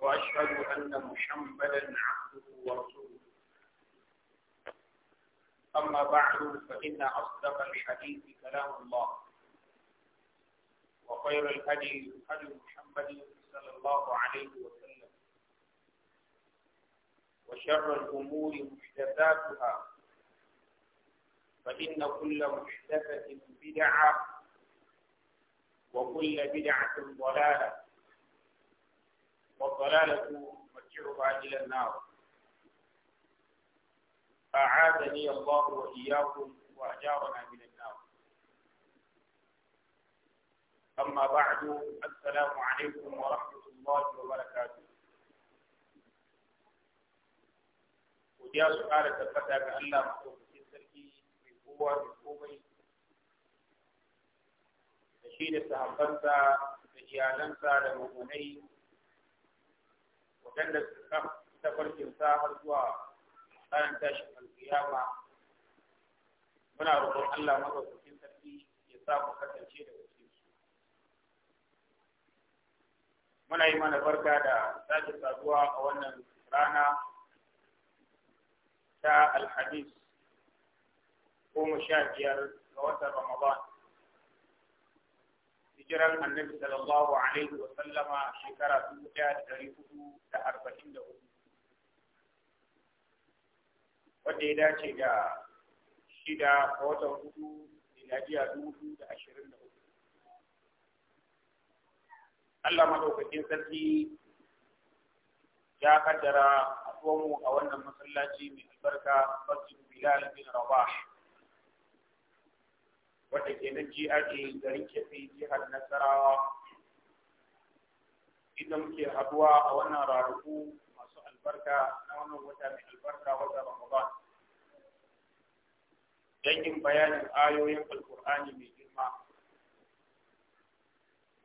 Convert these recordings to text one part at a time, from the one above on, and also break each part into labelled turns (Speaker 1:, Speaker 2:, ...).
Speaker 1: وأشهد أن محمدا عبده ورسوله أما بعد فإن أصدق الحديث كلام الله وخير الهدي هدي محمد صلى الله عليه وسلم وشر الأمور محدثاتها فإن كل محدثة بدعة وكل بدعة ضلالة والضلالة مرجعها إلى النار أعاذني الله وإياكم وأجارنا من النار أما بعد السلام عليكم ورحمة الله وبركاته godiya su ƙara tabbata ga Allah maɗaukakin sarki mai kowa mai komai da shi da sahabbansa da iyalansa da mummunai waɗanda kan tafarkin sa har zuwa tsarin tashin alkiyama muna roƙon Allah madaukakin tafi ya sa ku kasance da wasu su muna yi mana barka da sake saduwa a wannan rana ta alhamis goma sha biyar ga watan ramadan hijiran annabi sallallahu alaihi wa sallama shekara dubu ɗaya da ɗari hudu da arba'in da hudu wanda ya dace da shida ga watan hudu miladiya dubu biyu da ashirin da hudu Allah madaukakin sarki ya kaddara a mu a wannan masallaci mai albarka masjid bilal bin rabah wadda ke nan GRA garin Kefi jihar Nasarawa inda muke haduwa a wannan ranaku masu albarka na wannan wata mai albarka wata Ramadan don yin bayanin ayoyin Alkur'ani mai girma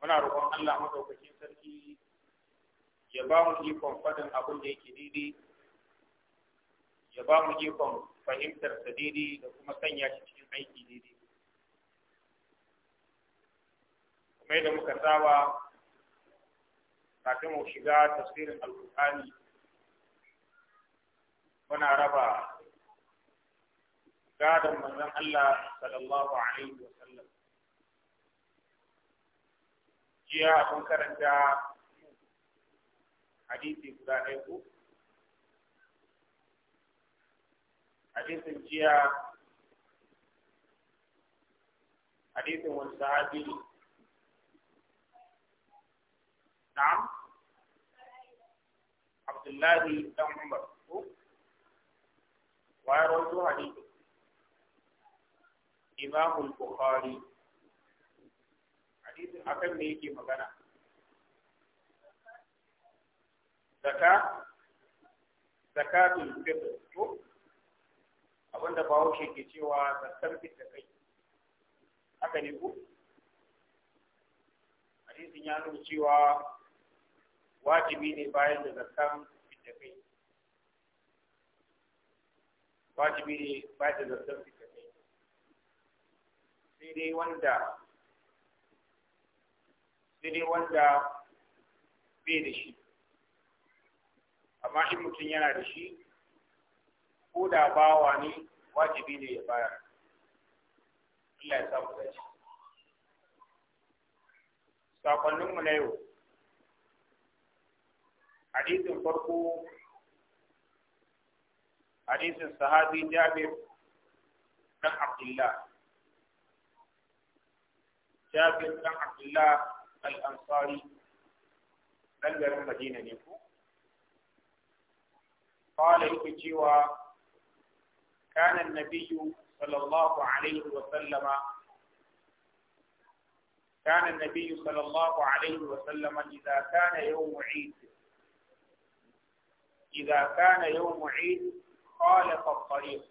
Speaker 1: muna roƙon Allah madaukakin sarki ya ba mu ikon faɗin abin da yake daidai ya ba mu ikon fahimtar sa daidai da kuma sanya shi cikin aiki daidai mai da muka saba kafin mu shiga tafsirin alkur'ani muna raba gadon manzon Allah sallallahu alaihi wa sallam jiya abin karanta hadisi guda ɗaya ko hadisin jiya hadisin wani sahabi نعم abdullahi dan بن عمر wayar حديث امام البخاري حديث bukhari hadisin akan me yake magana fitr ko abinda ke cewa zakar fitr kai haka ne ku? hadisin ya nuna cewa wajibi ne bayan da zakan fitakai wajibi ne bayan da zakan fitakai sai dai wanda sai dai wanda bai da shi amma shi mutum yana da shi ko da bawa ne wajibi ne ya bayar Allah ya samu dace sakonninmu na yau حديث فرقو حديث الصحابي جابر بن عبد الله جابر بن عبد الله الانصاري نجر المدينة نيكو قال الكتوى كان النبي صلى الله عليه وسلم كان النبي صلى الله عليه وسلم إذا كان يوم عيد إذا كان يوم عيد خالف الطريق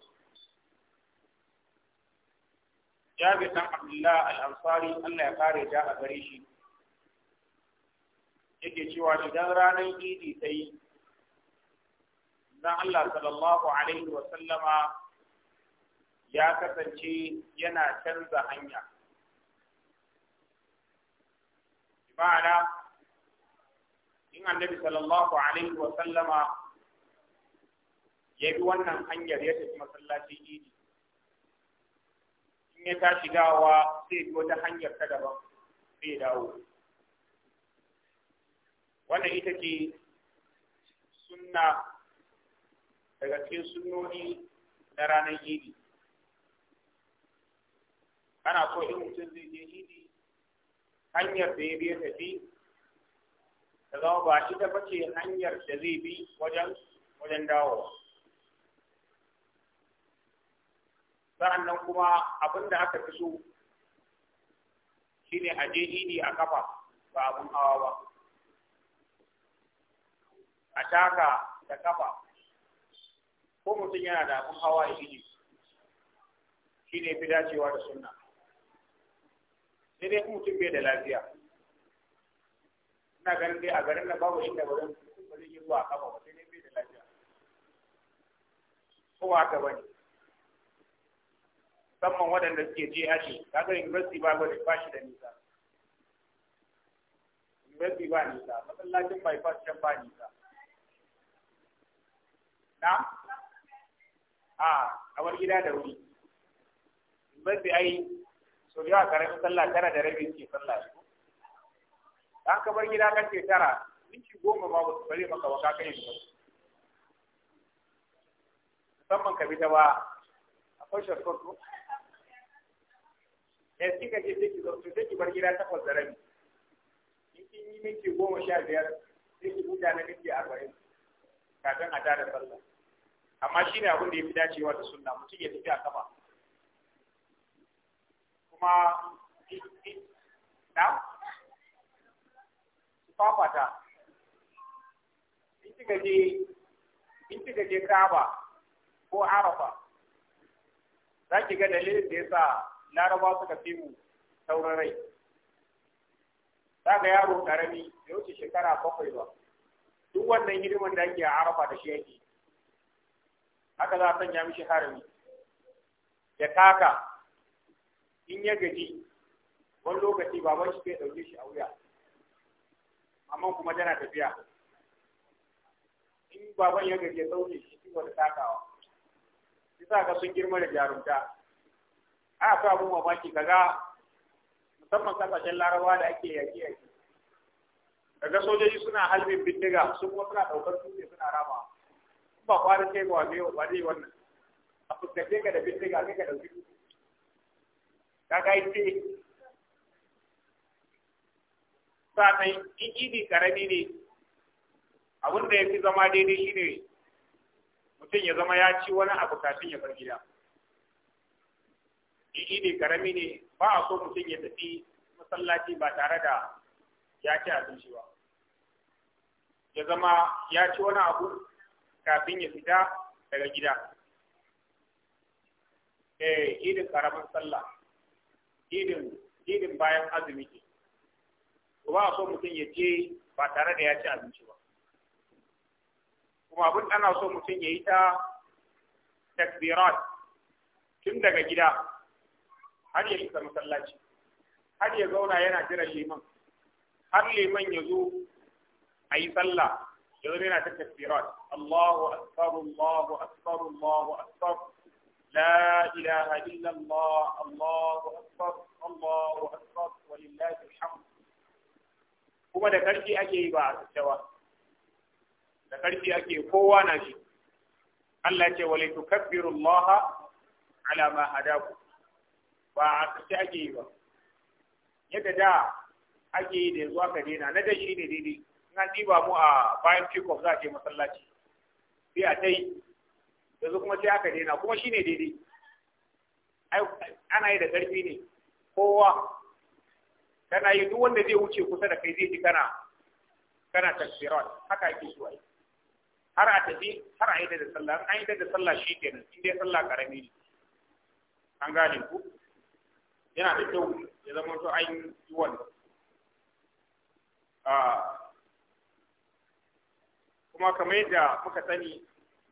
Speaker 1: جابر بن عبد الله الأنصاري الله يقاري جاء بريشي yake cewa idan ranar idi ta yi na Allah sallallahu Alaihi wasallama ya kasance yana canza hanya. Ma'ana, in annabi sallallahu Alaihi wasallama ya bi wannan hanyar ya tafi masallaci idi in ya tashi shigawa sai bi wata hanyar ta daban sai dawo wannan ita ce sunna daga cikin sunnoni na ranar idi ana so in mutum zai je idi hanyar da ya ya tafi ta zama ba shi ba bace hanyar da zai bi wajen dawo. dawowa nan kuma abin da aka fi so Shi ne a je idi a kafa ba abin hawa ba a taka da kafa ko mutum yana da abin hawa ya idi shi ne fi dacewa da suna. sai mutum bai da lafiya ina ganin dai a garin da babu inda ba zan yi ruwa a kafa ba sai bai da lafiya kowa ta haka bane musamman waɗanda suke je aji kaga university ba gwada ba shi da nisa university ba nisa masallacin bypass can ba nisa na a kamar gida da wuri university ai so yawa karamin sallah tara da rabi suke sallah shi an kamar gida kace tara minti goma ba su bare maka waka yin university musamman ka bi ta ba akwai shortcut ko da kika je sai ki zo to sai ki bar gida takwas da rabi in kin yi minti goma sha biyar sai ki huta na minti arba'in kafin a tada sallah amma shi ne abin da ya fi dacewa da sunna mutum ya tafi a kafa kuma na fafata in kika je in kika je kaba ko arafa za ki ga dalilin da ya sa laraba suka fi mu sauran rai ga yaro karami da wuce shekara bakwai ba duk wannan hidiman da ake a arafa da shi yake haka za a sanya mishi harami ya taka in ya gaji wani lokaci baban shi zai ɗauke shi a wuya amma kuma tana tafiya in baban ya gaji ya sauke shi shi wani takawa shi sa ga sun girma da jarumta a mu abun mamaki kaga musamman kasashen larabawa da ake yaki-yaki. kaga sojoji suna halbin bindiga sun kuma suna ɗaukar dutse suna rama ba kwarin kai gwa zai ba ne wannan a fuskace ka da bindiga sai ka ɗauki dutse kaga ita sannan in idi karami ne abin da ya fi zama daidai shine mutum ya zama ya ci wani abu kafin ya bar gida. idi ne karami ne ba a so mutum ya tafi masallaci ba tare da ya ci abinci ba ya zama ya ci wani abu kafin ya fita daga gida eh idin karamin sallah idin idin bayan azumi ke ba a so mutum ya je ba tare da ya ci abinci ba kuma abin ana so mutum ya yi ta takbirat tun daga gida har ya isa masallaci har ya zauna yana jiran liman har liman ya zo a yi sallah ya zo yana ta tafsirat Allahu akbar Allahu akbar Allahu akbar la ilaha illa Allah Allahu akbar Allahu akbar walillahi alhamd kuma da karfi ake yi ba a tsawa da karfi ake kowa na shi Allah ce wa litukabbiru Allah ala ma hadakum ba a tsaye ake yi ba yadda da ake yi da yanzu ka daina na dai ne daidai na an ba mu a bayan off za a je masallaci sai a ta yi yanzu kuma sai aka daina kuma shi ne daidai ana yi da ƙarfi ne kowa kana yi duk wanda zai wuce kusa da kai zai ji kana kana tafsirat haka ake zuwa yi har a tafi har a yi da sallah an yi da sallah shi kenan inda sallah karami ne an gane ku yana da kyau ya zama to an yi ah, kuma kamar yadda muka sani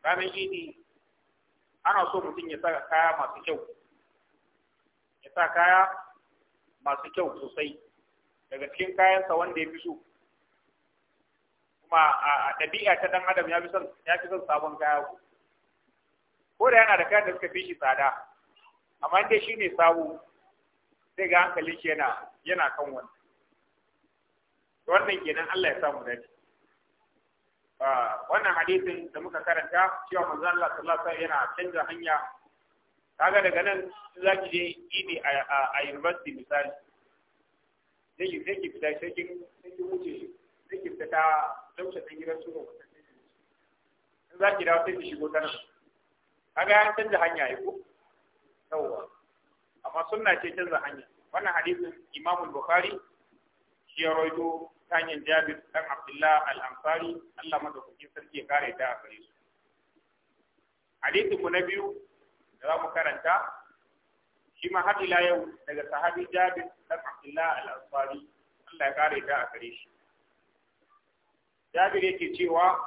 Speaker 1: ranar idi ana so mutum ya saka kaya masu kyau ya sa kaya masu kyau sosai daga cikin kayansa wanda ya fi so kuma a ɗabi'a ta ɗan adam ya fi son sabon kaya ko da yana da kayan da suka fi shi tsada amma dai shine sabo sai ga hankali shi yana yana kan wannan wannan kenan Allah ya samu dace ah, wannan hadisin da muka karanta cewa manzo Allah sallallahu alaihi wasallam yana canza hanya kaga daga nan za ki je idi a university misali sai ki sai ki fita sai ki sai wuce sai ki fita dauce ta gidan su in za ki dawo sai ki shigo ta nan kaga ya canza hanya ya ko yawwa amma sunna ce canza hanya wannan hadisin imam bukhari shi ya rawaito ta hanyar jabir dan abdullah al-ansari Allah madaukakin sarki ya kare ta a gare su hadisi ku na biyu da za mu karanta shi ma har ila yau daga sahabi jabir dan abdullah al-ansari Allah ya kare ta a gare shi jabir yake cewa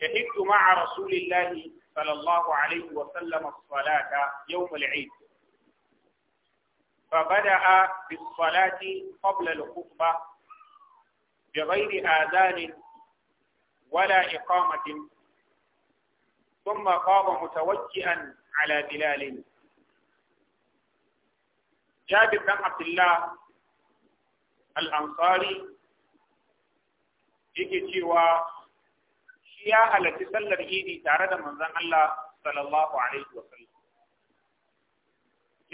Speaker 1: shahidtu ma'a rasulillahi صلى الله عليه وسلم الصلاة يوم العيد فبدأ بالصلاة قبل الخطبة بغير آذان ولا إقامة ثم قام متوجئا على بلال جابر بن عبد الله الأنصاري yake cewa ya halarci sallar idi tare da manzon Allah sallallahu alaihi wa sallam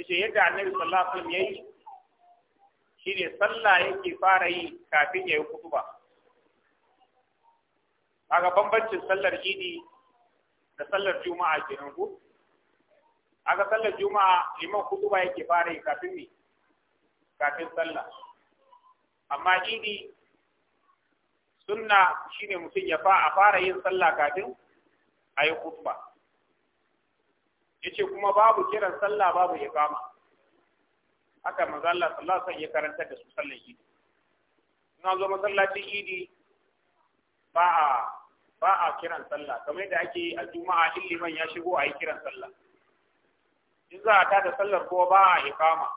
Speaker 1: yace yadda annabi sallallahu alaihi wa sallam yayi ne sallah yake fara yi kafin yayi kutuba kaga bambancin sallar idi da sallar juma'a nan ko aga sallar juma'a liman kutuba yake fara yi kafin ne kafin sallah amma idi sunna shine mutum ya fa a fara yin sallah kafin a yi Ya yace kuma babu kiran sallah babu iqama haka manzo Allah sallallahu alaihi wasallam ya karanta da su sallar idi in zo masallacin idi ba a ba a kiran sallah kamar da ake a juma'a in liman ya shigo a yi kiran sallah in za a tada sallar ko ba a iqama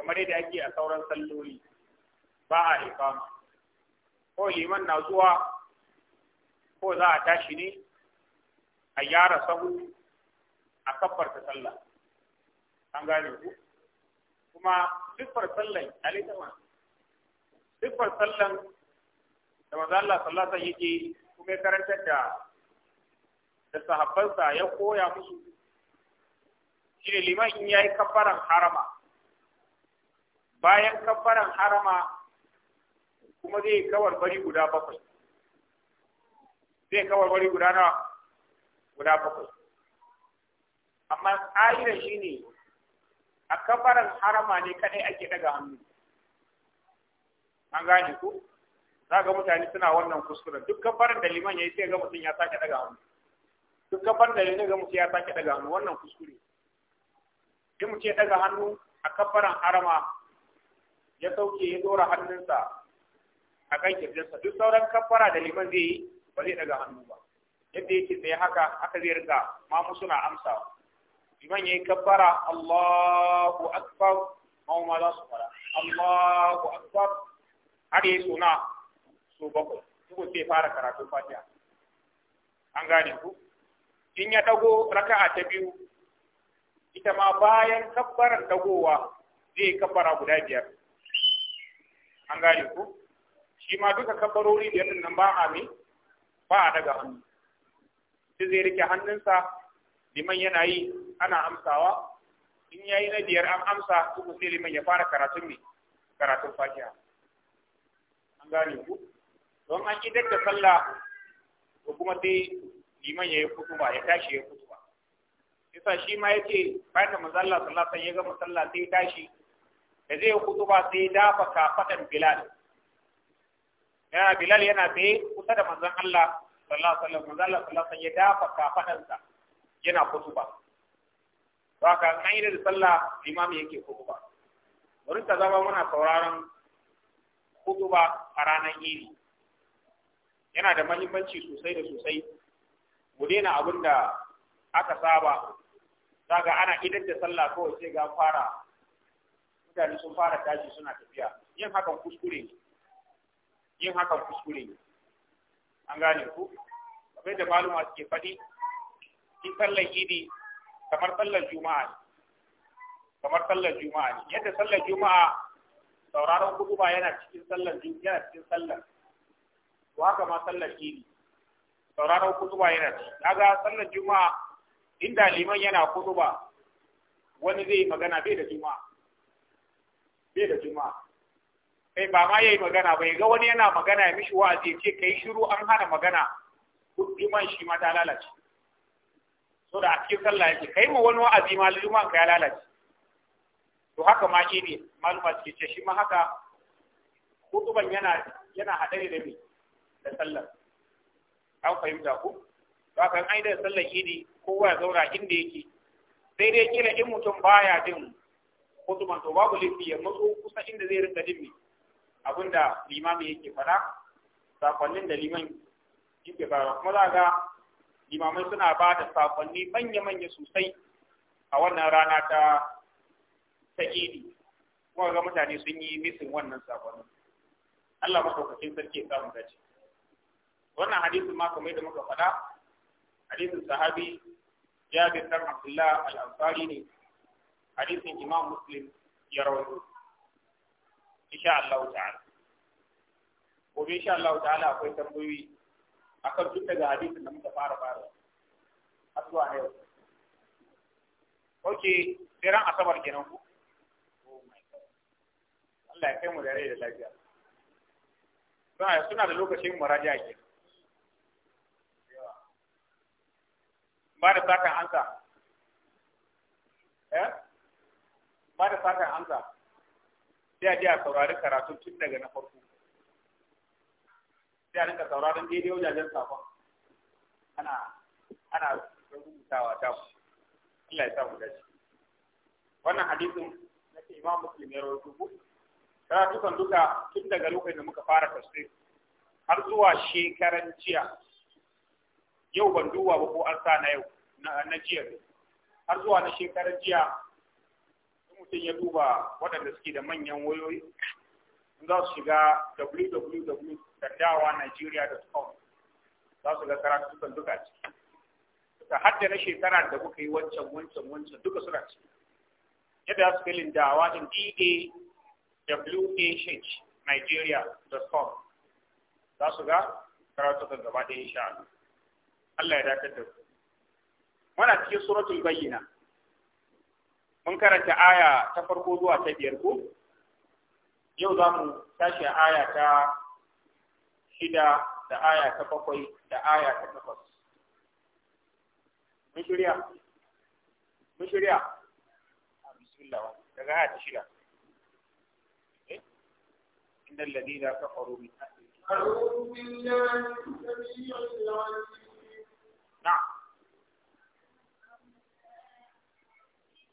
Speaker 1: kamar yadda ake a sauran salloli ba a iqama ko liman na zuwa ko za a tashi ne a gyara sahu a ta sallah an gane ku kuma siffar sallan alaitama siffar sallan da maza Allah sallallahu alaihi yake kuma ya karantar da da sahabbansa ya koya musu shine liman in yayi kafaran harama bayan kafaran harama kuma zai kawar bari guda bakwai zai kawar bari guda na guda bakwai amma ƙa'idar shi ne a kafarar harama ne kadai ake daga hannu an gane ku za ga mutane suna wannan kuskuren duk kafarar da liman ya yi sai ga mutum ya sake daga hannu duk kafaran da liman ga mutum ya sake daga hannu wannan kuskure in mutum ya daga hannu a kafarar harama ya sauke ya dora hannunsa a kan kirjinsa duk sauran kafara da liman zai yi ba zai daga hannu ba yadda yake sai haka haka zai riga mamu suna amsawa liman ya yi kafara Allahu akbar mamu ma za su fara Allahu akbar har yi suna su bakwai ko sai fara karatu Fatiha an gane ku in ya dago raka'a ta biyu ita ma bayan kafaran dagowa zai kafara guda biyar an gane ku shi ma duka kabarori da yadda nan ba a mi ba a daga hannu shi zai rike hannunsa liman yana yi ana amsawa in yayi na biyar an amsa uku sai liman ya fara karatun ne karatun fatiha an gane ku don an idar da sallah ko kuma sai liman ya yi ba ya tashi ya ba yasa shi ma yace bayan da manzo Allah sallallahu alaihi wasallam ya gama sallah sai tashi da zai kutuba sai dafa kafadan bilal ya bilal yana tsaye kusa da manzon Allah sallallahu alaihi wasallam manzon Allah sallallahu alaihi wasallam ya dafa kafadansa yana kutuba to haka an yi da sallah imam yake kutuba wurin ta zama muna sauraron kutuba a ranar iri yana da mahimmanci sosai da sosai mu daina abin da aka saba daga ana idan da sallah kawai sai ga fara mutane sun fara tashi suna tafiya yin hakan kuskure ne yin hakan kuskure ne an gane ku kamar da maluma suke faɗi shi sallar idi kamar sallar juma'a ne kamar sallar juma'a ne yadda sallar juma'a sauraron kudu ba yana cikin sallar yana cikin sallar to haka ma sallar idi sauraron kudu ba yana cikin kaga sallar juma'a inda liman yana kudu ba wani zai magana bai da juma'a bai da juma'a Sai ba ma yayi magana bai ga wani yana magana ya mishi wa'azi ya ce kai shiru an hana magana iman shi ma ta lalace so da a cikin sallah yake kai ma wani wa'azi ma liman ka ya lalace to haka ma shi ne maluma suke ce shi ma haka kutuban yana yana haɗari da me da sallar an fahimta ku ba kan aida da sallar idi kowa ya zauna inda yake sai dai kila in mutum baya jin kutuban to babu laifi ya matso kusa inda zai rinka jin me abinda limami yake faɗa sakonnin da liman yake bayarwa kuma za ga limamai suna ba da sakonni manya-manya sosai a wannan rana ta ta idi kuma ga mutane sun yi misin wannan sakonni Allah madaukakin sarki ya samu dace wannan hadisin ma kamar da muka faɗa hadisin sahabi Jabir bin Abdullah al-Ansari ne hadisin Imam Muslim ya rawaito insha Allah ta'ala gobe insha Allah ta'ala akwai tambayoyi akan duk daga hadisin da muka fara fara har zuwa yau oke ran asabar kenan ku oh Allah ya kai mu da rai da lafiya suna suna da lokacin muraja ke ba da sakan ansa eh ba da sakan ansa sai a je a saurari karatun tun daga na farko sai a rinka saurarin daidai wajajen safon ana ana rubutawa ta Allah ya sa mu dace wannan hadisin nake imam muslim ya rawaito ku karatukan duka tun daga lokacin da muka fara tafsir har zuwa shekaran jiya yau ban duba ba ko an sa na yau na jiya har zuwa na shekaran jiya mutum ya duba waɗanda suke da manyan wayoyi za su shiga www.dadawanigeria.com za su ga karatukan duka ciki ta hadda na shekara da kuka yi wancan wancan wancan duka suna ciki yadda su filin dawa din dawh nigeria.com za su ga kan gaba ɗaya insha Allah Allah ya dakatar da muna cikin suratul bayyina mun karanta aya ta farko zuwa ta biyar ko yau za mu tashi aya ta shida da aya ta bakwai da aya ta takwas mun shirya mun shirya bismillah daga aya ta shida إن الذين كفروا من أهل الكتاب
Speaker 2: أعوذ بالله السميع العليم نعم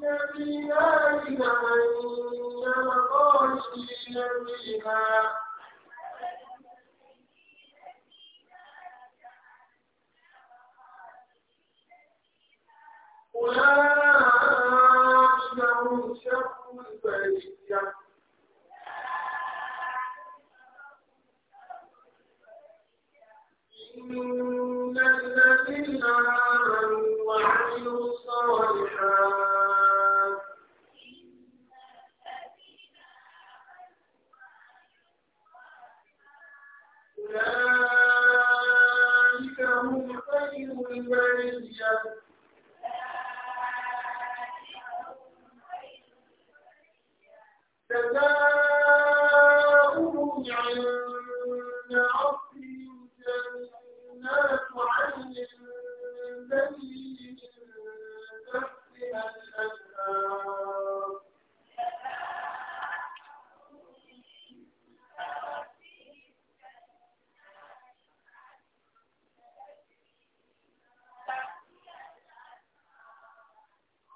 Speaker 2: في نار جهنم خالدين فيها أولئك هم شر البرية إن الذين آمنوا وعملوا الصالحات أولئك هم خير البرية تزال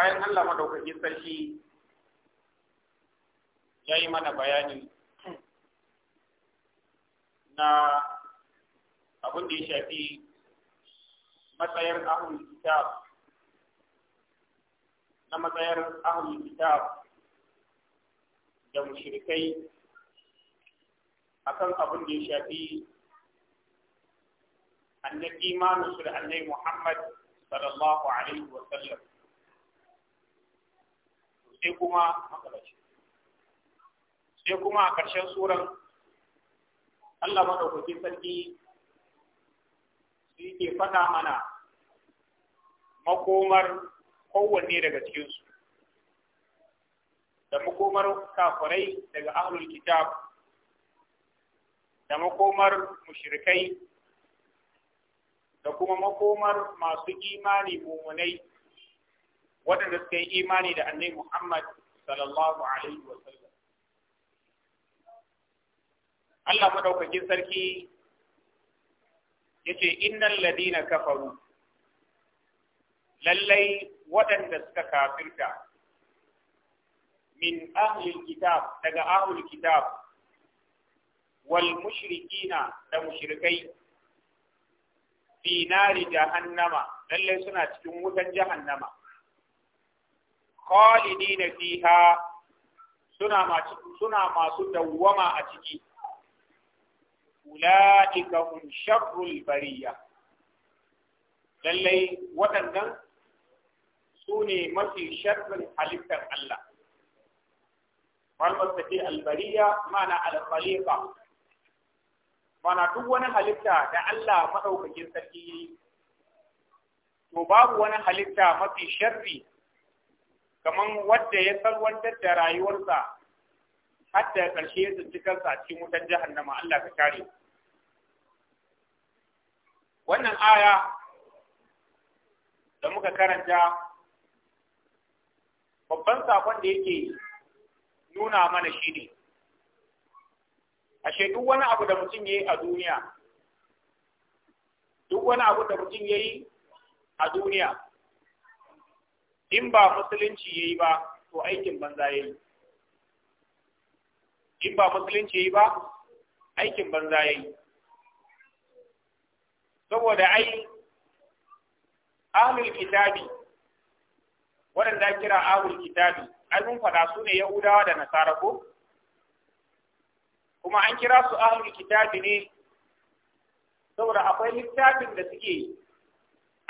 Speaker 1: bayan Allah madaukakin sarki ya yi mana bayani na abin da ya shafi matsayar ahun kitab na matsayar ahun kitab da mushrikai akan abin da ya shafi annabi imanin su da annabi Muhammad sallallahu alaihi wa sallam sai kuma makalaci sai kuma a ƙarshen tsoron Allah maɗaukakin sarki su yake faɗa mana makomar kowanne daga cikinsu da makomar kafirai daga ahlul kitab da makomar mushrikai da kuma makomar masu imani mumunai waɗanda suka yi imani da annabi Muhammad sallallahu alaihi wa sallam Allah maɗaukakin sarki yace innal ladina kafaru lallai waɗanda suka kafirta min ahli kitab daga ahlul kitab wal mushrikina da mushrikai fi nari jahannama lallai suna cikin wutan jahannama khalidina fiha suna masu suna masu dawwama a ciki ulaika hum sharrul bariya lallai waɗannan su ne mafi sharrin halittar Allah kalmar tafi albariya mana alkhaliqa mana duk wani halitta da Allah maɗaukakin sarki to babu wani halitta mafi sharri kaman wanda ya salwantar da rayuwarsa har da ƙarshe su tsinci kansa cikin wutar jahannama Allah ka kare wannan aya da muka karanta babban sakon da yake nuna mana shi ne ashe duk wani abu da mutum ya a duniya duk wani abu da mutum ya yi a duniya in ba musulunci yi ba to aikin banza yi in ba musulunci yi ba aikin banza yi saboda ai ahlul kitabi waɗanda kira ahlul kitabi ai mun faɗa su ne yahudawa da nasara ko kuma an kira su ahlul kitabi ne saboda akwai littafin da suke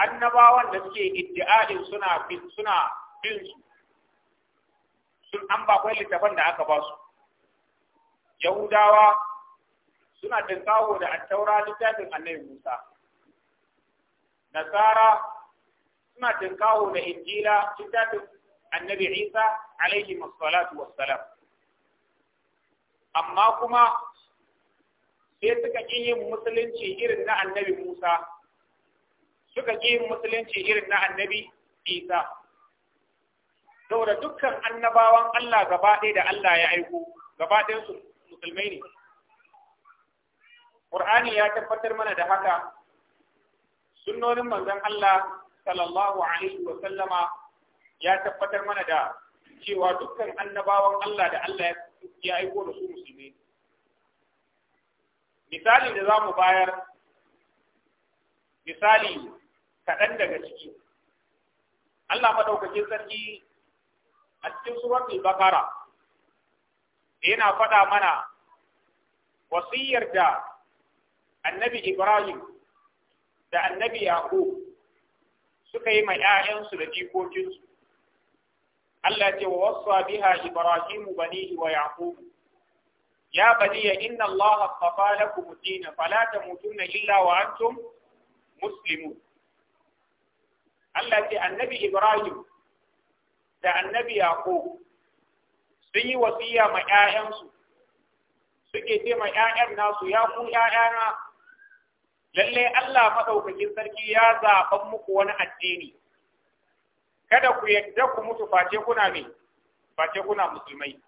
Speaker 1: annabawan da suke iddi'a'in suna bin suna bin su sun an ba kwai littafan da aka ba su yahudawa suna tinkawo da attaura littafin annabi musa nasara suna tinkawo da injila littafin annabi isa alaihi wassalatu wassalam amma kuma sai suka ƙi yin musulunci irin na annabi musa suka ƙi yin musulunci irin na annabi isa saboda dukkan annabawan Allah gaba ɗaya da Allah ya aiko gaba su musulmai ne Qur'ani ya tabbatar mana da haka sunnonin manzon Allah sallallahu alaihi wa sallama ya tabbatar mana da cewa dukkan annabawan Allah da Allah ya aiko da su musulmi misali da za mu bayar misali kaɗan daga ciki Allah madaukakin sarki a cikin suratul bakara yana faɗa mana wasiyar da annabi ibrahim da annabi yaqub suka yi ma 'ya'yansu da jikokinsu Allah ce wa wasa biha ibrahim banihi wa yaqub ya baniya inna allaha astafa lakum ad-din fala tamutunna illa wa antum muslimun Allah ce annabi Ibrahim da annabi Yaqub sun yi wasiya ma ‘ya'yansu, suke ce ma ‘ya'yan nasu ya ku ‘ya'yana, lallai Allah maɗaukakin sarki ya zaɓan muku wani addini, kada ku yadda ku mutu face kuna me, face kuna musulmai.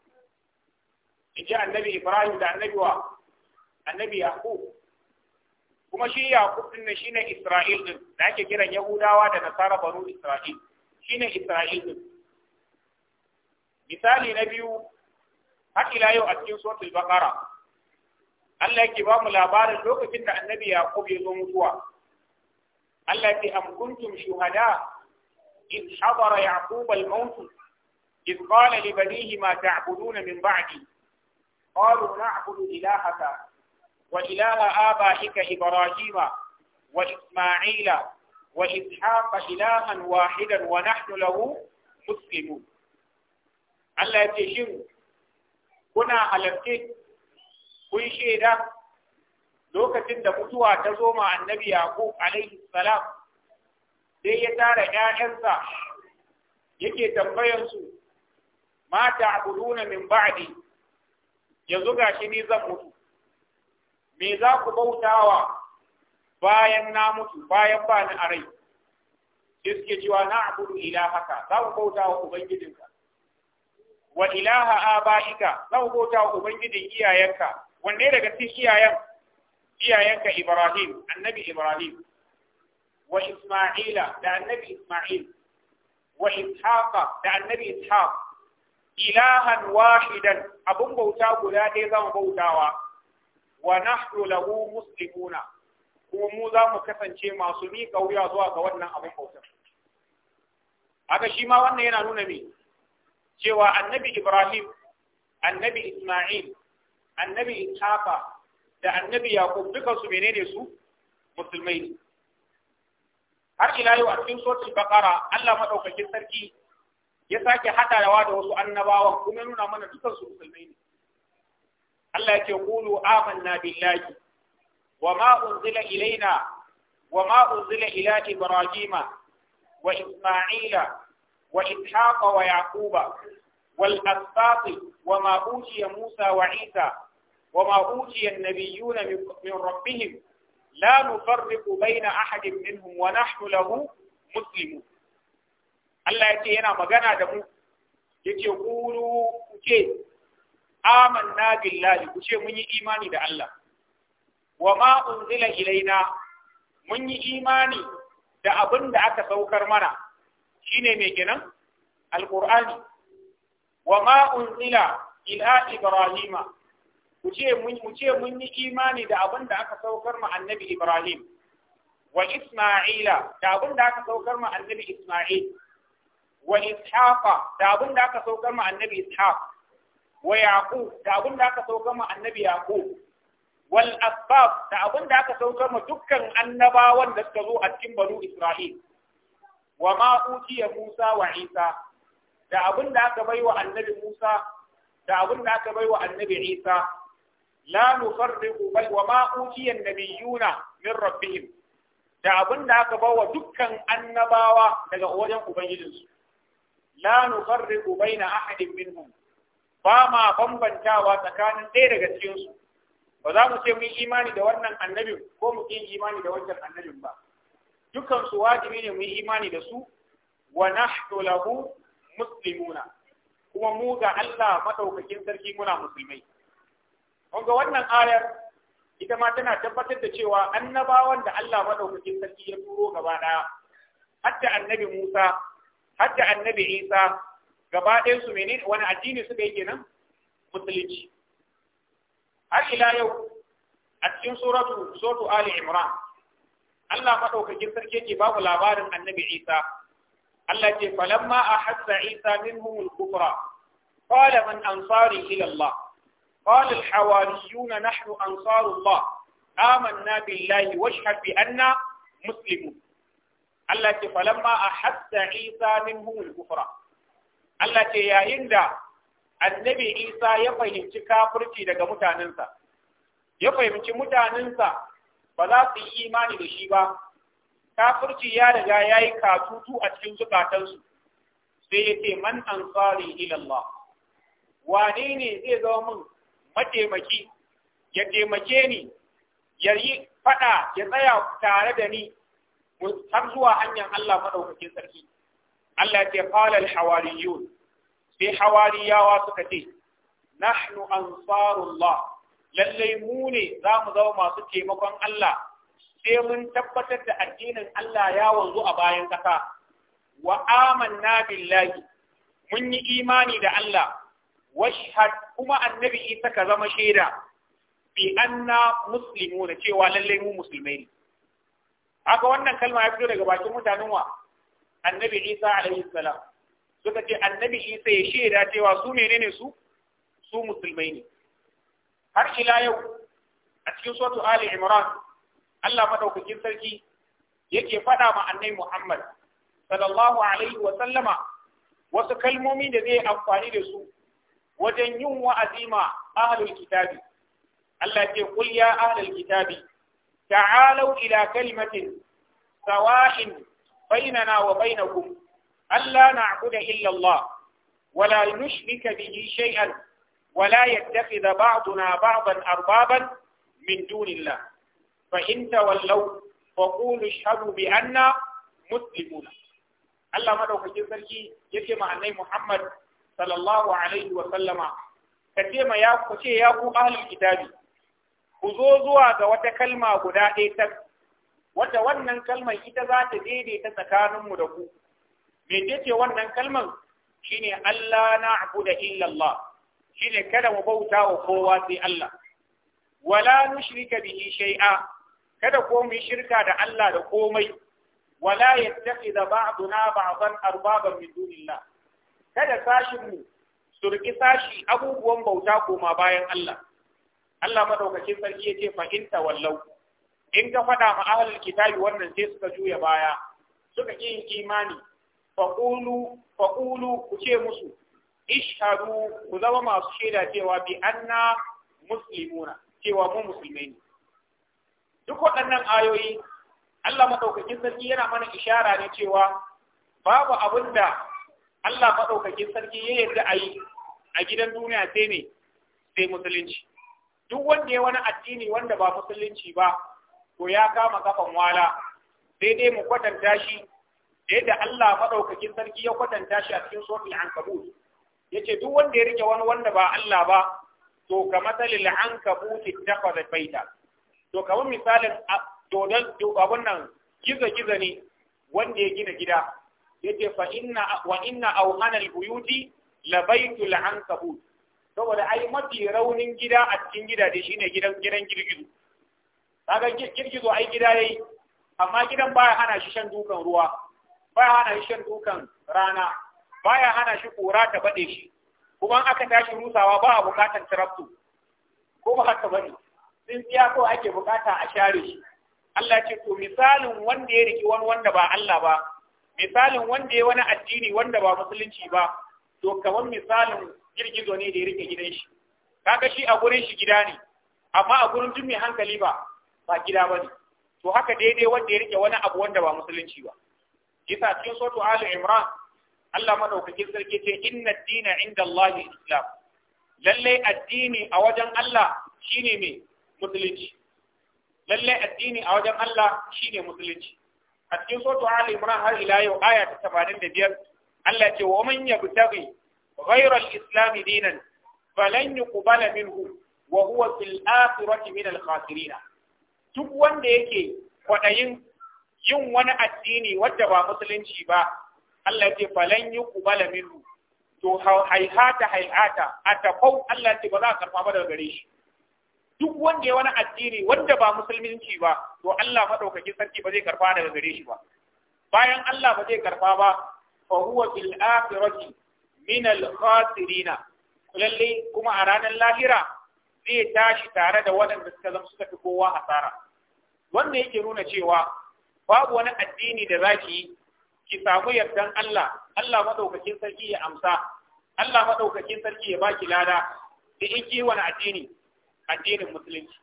Speaker 1: In ji annabi Ibrahim da annabi wa, annabi Yaqub. kuma shi Yaqub din ne shine Isra'il ɗin, da ake kiran Yahudawa da Nasara banu Isra'il shine Isra'il ɗin. misali na biyu har ila yau a cikin suratul baqara Allah yake ba mu labarin lokacin da Annabi Yaqub ya zo mutuwa Allah yake am kuntum shuhada إذ حضر يعقوب الموت إذ قال لبنيه ما تعبدون من بعدي قالوا نعبد إلهك وإله آبائك إبراهيم وإسماعيل وإسحاق إلها واحدا ونحن له مسلمون Allah ya ce kuna halarce kun shaida lokacin da mutuwa ta zo ma annabi Yaqub alaihi salam sai ya tara ƴaƴansa yake tambayar su ma ta'buduna min ba'di yanzu gashi ne zan mutu me za ku bautawa bayan na mutu bayan ba ni a rai sai suke cewa na abudu ilahaka za ku bautawa ubangijinka wa ilaha abaika za ku bautawa ubangijin iyayenka wanne daga cikin iyayen iyayenka Ibrahim annabi Ibrahim wa Isma'ila da annabi Isma'il wa Ishaqa da annabi Ishaq ilahan wahidan abun bauta guda ɗaya zan bautawa wa nahnu lahu muslimuna kuma mu za mu kasance masu miƙa wuya zuwa ga wannan abin bauta haka shi ma wannan yana nuna me cewa annabi Ibrahim annabi Isma'il annabi Ishaqa da annabi Yaqub dukan su menene su musulmai ne har ila yau a cikin suratul bakara, Allah madaukakin sarki ya sake hadawa da wasu annabawan kuma nuna mana dukan su musulmai ne
Speaker 2: Allah ya ce qulu
Speaker 1: amanna billahi wa ma unzila ilaina wa ma unzila ila ibrahima wa isma'ila wa ishaqa wa yaquba wal asbati wa ma utiya musa wa isa wa ma utiya an-nabiyyuna min rabbihim la nufarriqu bayna ahadin minhum wa nahnu lahu muslimun Allah ya ce yana magana da mu yace qulu kuke amanna billahi ku ce mun yi imani da Allah wa ma unzila ilaina mun yi imani da abin da aka saukar mana shine me kenan alqur'ani wa ma unzila ila ibrahima ku ce mun ku ce mun yi imani da abin da aka saukar ma annabi ibrahim wa isma'ila da abin da aka saukar ma annabi isma'il wa ishaqa da abin da aka saukar ma annabi ishaq wa yaqub da abin da aka saukar ma annabi yaqub wal asbab da abin da aka saukar ma dukkan annabawan da suka zo a cikin banu isra'il wa ma musa wa isa da abin da aka baiwa annabi musa da abin da aka baiwa annabi isa la nufarriqu bal wa ma utiya min da abin da aka bawa dukkan annabawa daga wajen ubangijinsu la nufarriqu baina minhum ba ma bambantawa tsakanin ɗaya daga cikin su ba za mu ce mun imani da wannan annabin ko mu yi imani da wancan annabin ba dukan su wajibi ne mu imani da su wa nahnu lahu muslimuna kuma mu ga Allah madaukakin sarki muna musulmai kun ga wannan ayar ita ma tana tabbatar da cewa annabawan da Allah madaukakin sarki ya turo gaba daya hatta annabi Musa hatta annabi Isa gaba ɗayan su menene wani addini suka yi nan? musulunci har ila yau a cikin suratu suratu ali imran Allah madaukakin sarki yake babu labarin annabi Isa Allah ce falamma ahassa Isa minhum al-kufra qala man ansari ila Allah قال الحواريون نحن أنصار الله آمنا بالله واشهد بأننا مسلمون التي فلما أحس عيسى منهم الكفر Allah ce yayin da annabi Isa ya fahimci kafirci daga mutanensa, ya fahimci mutanensa ba za su yi imani da shi ba, kafirci ya daga ya yi katutu a cikin zukatansu, sai ya ce man tsari ilallah. Wane ne zai zama mun mataimaki, ya taimake ni, ya yi faɗa, ya tsaya tare da ni, har zuwa hanyar Allah maɗaukakin sarki. Allah ce qala al-hawariyun sai hawariyawa suka ce nahnu ansarullah lalle mu ne za mu zama masu taimakon Allah sai mun tabbatar da addinin Allah ya wanzu a bayan ƙasa wa amanna billahi mun yi imani da Allah washhad kuma annabi Isa ka zama shaida bi anna muslimuna cewa lalle mu musulmai ne haka wannan kalma ya fito daga bakin mutanen wa annabi Isa alaihi suka ce annabi Isa ya shaida cewa su menene su su musulmai ne har ila yau a cikin suratu Ali Imran Allah madaukakin sarki yake faɗa ma annabi Muhammad sallallahu alaihi wa sallama wasu kalmomi da zai amfani da su wajen yin wa'azi ma ahlul kitabi Allah ce kul ya ahlul kitabi ta'alu ila kalimatin sawa'in بيننا وبينكم ألا نعبد إلا الله ولا نشرك به شيئا ولا يتخذ بعضنا بعضا أربابا من دون الله فإن تولوا فقولوا اشهدوا بأننا مسلمون Allah madaukakin sarki ya ce ma annai Muhammad sallallahu alaihi wa sallama ka ce ma ya ku ce ya ku ahlul kitabi ku zo zuwa ga wata kalma guda ɗaya ta Wata wannan kalmar ita za ta daidaita tsakaninmu da ku me ce wannan kalmar shine Allah na da illallah shine kada mu bauta wa kowa sai Allah wala nushrika bihi shay'a kada ko mu shirka da Allah da komai wala yattakhidha da ba'dan arbaban min dunillah kada sashin mu surki sashi abubuwan bauta koma bayan Allah Allah madaukakin sarki yace ce fahimta wallau. in ka faɗa ma ahlul kitabi wannan sai suka juya baya suka yin imani faqulu faqulu ku ce musu ishhadu ku zama masu shaida cewa bi anna muslimuna cewa mu musulmai ne duk waɗannan ayoyi Allah madaukakin sarki yana mana ishara ne cewa babu abinda Allah madaukakin sarki ya yarda a yi a gidan duniya sai ne sai musulunci duk wanda ya wani addini wanda ba musulunci ba to ya kama kafan wala sai dai mu kwatanta shi da Allah madaukakin sarki ya kwatanta shi a cikin al ankabut yace duk wanda ya rike wani wanda ba Allah ba to ka al ankabut ittakhadha baita to kamar misalin dodon abun nan giza giza ne wanda ya gina gida yace fa inna wa inna awhana al-buyuti la baitul ankabut saboda ai mafi raunin gida a cikin gidaje shine gidan gidan girgizu kaga girgizo ai gida yayi amma gidan baya hana shi shan dukan ruwa baya hana shi shan dukan rana baya hana shi kura ta bade shi kuma an aka tashi rusawa ba a bukatar tractor ko ba haka bane tsintsiya ko ake bukata a share shi Allah ce to misalin wanda ya riki wani wanda ba Allah ba misalin wanda ya wani addini wanda ba musulunci ba to kamar misalin girgizo ne da ya rike gidan shi kaga shi a gurin shi gida ne amma a gurin duk mai hankali ba ba gida ne. to haka daidai wanda ya rike wani abu wanda ba musulunci ba yasa cikin sotu ali imran Allah madaukakin sarki ce inna dina inda Allah islam Lallai addini a wajen Allah shine mai musulunci Lallai addini a wajen Allah shine musulunci a cikin sotu ali imran har ila yau aya ta 85 Allah ce wa man yabtaghi ghayra al-islam dinan falan yuqbala minhu wa huwa fil akhirati min al-khasirin duk wanda yake kwaɗayin yin wani addini wadda ba musulunci ba Allah ya ce falan yuqbala minhu to haihata haihata a tafau Allah ce ba za a karfa ba daga gare shi duk wanda ya wani addini wadda ba musulunci ba to Allah madaukakin sarki ba zai karfa daga gare shi ba bayan Allah ba zai karfa ba fa huwa fil akhirati min al khasirin lalle kuma a ranar lahira zai tashi tare da waɗanda suka zama suka fi kowa hasara wanda yake nuna cewa babu wani addini da zaki ki samu yardan Allah Allah madaukakin sarki ya amsa Allah madaukakin sarki ya baki lada da in ki wani addini addinin musulunci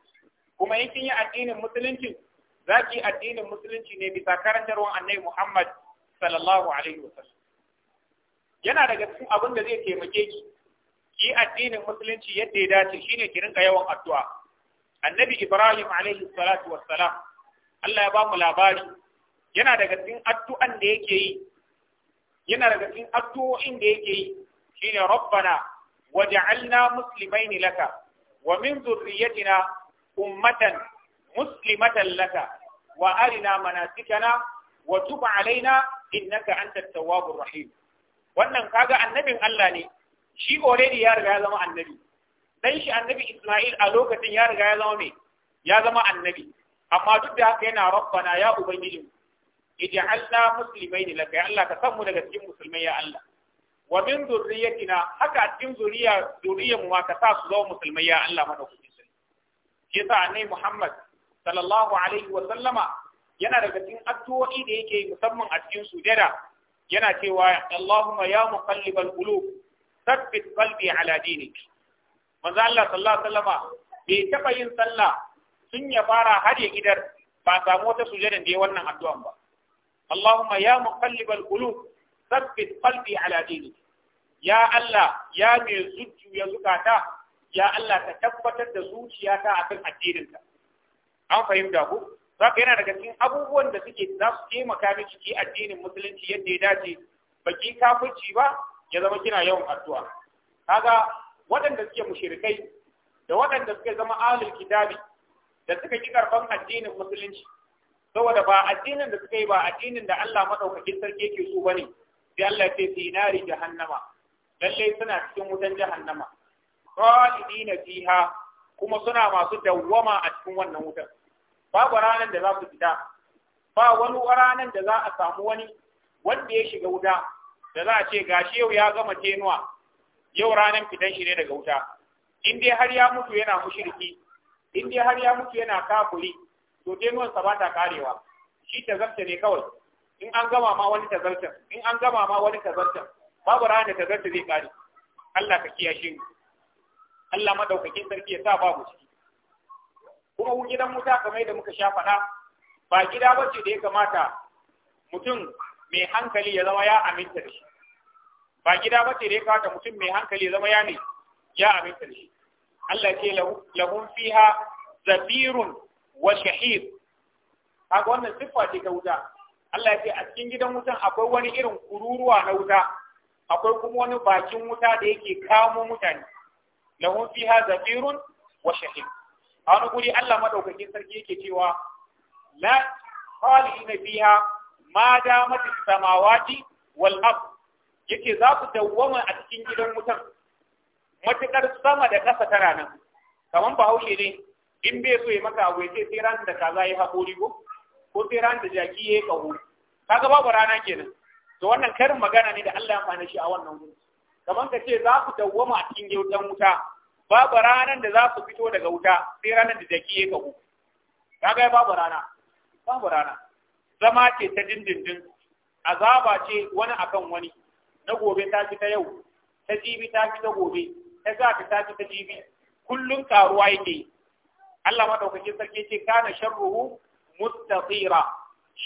Speaker 1: kuma in kin yi addinin musulunci zaki addinin musulunci ne bisa karantarwar Annabi Muhammad sallallahu alaihi wasallam yana daga cikin abin da zai taimake ki yi addinin musulunci yadda ya dace shine ki rinka yawan addu'a annabi ibrahim alaihi salatu wassalam Allah ya ba mu labari yana daga cikin addu'an da yake yi yana daga cikin addu'o'in da yake yi shine rabbana waj'alna muslimaini laka wa min dhurriyyatina ummatan muslimatan laka wa arina manasikana wa tub alaina innaka antat tawwabur rahim wannan kaga annabin Allah ne shi already ya riga ya zama annabi dan shi annabi Isma'il a lokacin ya riga ya zama me ya zama annabi amma duk da haka yana rabbana ya ubangiji ij'alna muslimaini laka ya Allah ka san mu daga cikin musulmai ya Allah wa min dhurriyyatina haka cikin zuriya zuriyar mu ma ka sa su zama musulmai ya Allah madaukakin sarki shi yasa annabi Muhammad sallallahu alaihi wa sallama yana daga cikin addu'o'i da yake musamman a cikin sujada yana cewa Allahumma ya muqallibal qulub thabbit qalbi ala dinik manzo Allah sallallahu alaihi wasallama bai taba yin sallah sun ya fara har ya gidar ba samu wata sujadan da ya wannan addu'an ba Allahumma ya muqallibal qulub thabbit qalbi ala dinik ya Allah ya mai zuciya zukata ya Allah ta tabbatar da zuciyata akan addininka an fahimta ku za ka yana daga cikin abubuwan da suke za su taimaka miki ki addinin musulunci yadda ya dace Baki kafirci ba ya zama kina yawan addu'a kaga waɗanda suke mushirikai da waɗanda suke zama ahlul kitabi da suka ki karban addinin musulunci saboda ba addinin da suka yi ba addinin da Allah madaukakin sarki yake so bane sai Allah ya ce fi nari jahannama lalle suna cikin wutan jahannama khalidina fiha kuma suna masu dawwama a cikin wannan wutan babu ranan da za su fita ba wani ranan da za a samu wani wanda ya shiga wuta da za a ce gashi yau ya gama tenuwa yau ranar fitan shi ne daga wuta in dai har ya mutu yana mushriki in dai har ya mutu yana kafuri to mun ba ta karewa shi tazarta ne kawai in an gama ma wani tazarta in an gama ma wani tazarta babu ranar da tazarta zai kare Allah ka kiyashe mu Allah madaukakin sarki ya sa babu ciki kuma gidan wuta kamar da muka sha faɗa ba gida bace da ya kamata mutum mai hankali ya zama ya aminta da shi ba gida ba ce da ya kawata mutum mai hankali zama ya ne ya abin da shi Allah ce lahum fiha zabirun wa shahir haka wannan siffa ce ta wuta Allah ya ce a cikin gidan wutan akwai wani irin kururuwa na wuta akwai kuma wani bakin wuta da yake kamo mutane lahum fiha zabirun wa shahir a wani guri Allah madaukakin sarki yake cewa la khalina fiha ma damat samawati wal ardh yake za ku dawwama a cikin gidan wutar matuƙar sama da ƙasa tana nan kamar bahaushe ne in bai so ya maka abu sai sai ran da kaza ya haƙori ko ko sai ran da jaki ya yi ƙaho kaga babu rana kenan to wannan karin magana ne da Allah ya amfana shi a wannan gurin kamar ka ce za ku dawwama a cikin gidan wuta babu ranar da za ku fito daga wuta sai ranar da jaki ya yi ƙaho kaga babu rana babu rana zama ce ta dindindin azaba ce wani akan wani Na gobe ta fi ta yau ta jibi ta fi ta gobe ta za ta fi ta jibi kullum karuwa yake Allah madaukakin sarki ce kana sharruhu mustatira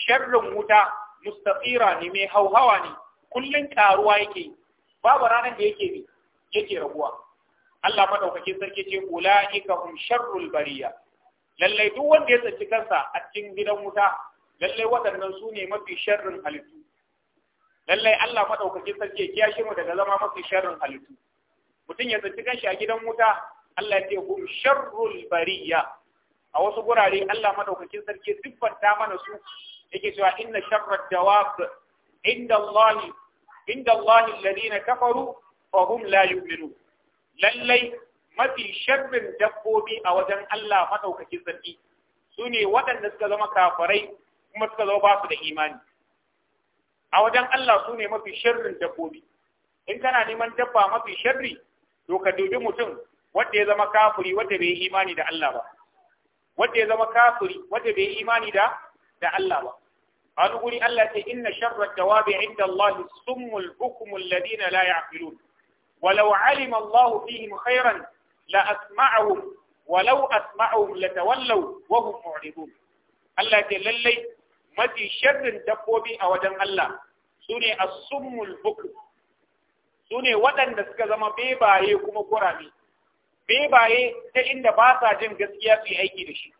Speaker 1: sharrin wuta mustatira ne mai hauhawa ne kullum karuwa yake babu ranar da yake yake raguwa Allah madaukakin sarki ce ulaika hum sharrul bariya lallai duk wanda ya tsinci kansa a cikin gidan wuta lallai waɗannan su ne mafi sharrin halittu lallai Allah madaukakin sarki ya kiyashe mu daga zama mafi sharrin halittu mutum ya tsinci kanshi a gidan wuta Allah ya ce hum sharrul bariya a wasu gurare Allah madaukakin sarki siffanta mana su yake cewa inna sharrad dawab inda Allah inda Allah alladhina kafaru fa hum la lallai mafi sharrin dabbobi a wajen Allah madaukakin sarki sune waɗanda suka zama kafirai kuma suka zama ba su da imani a wajen Allah su ne mafi shirin dabbobi in kana neman dabba mafi shirri, to ka dubi mutum wanda ya zama kafiri wanda bai yi imani da Allah ba wanda ya zama kafiri wanda bai yi imani da da Allah ba guri Allah ce inna sharra dawabi inda Allah summul bukumul ladina la ya'qilun walau alima Allah fihim khairan la asma'ahum walau asma'ahum latawallaw wa hum mu'ridun Allah ce lallai mafi sharrin dabbobi a wajen Allah su ne a summul su ne waɗanda suka zama bebaye kuma kurami bebaye ta inda ba sa jin gaskiya su yi aiki da shi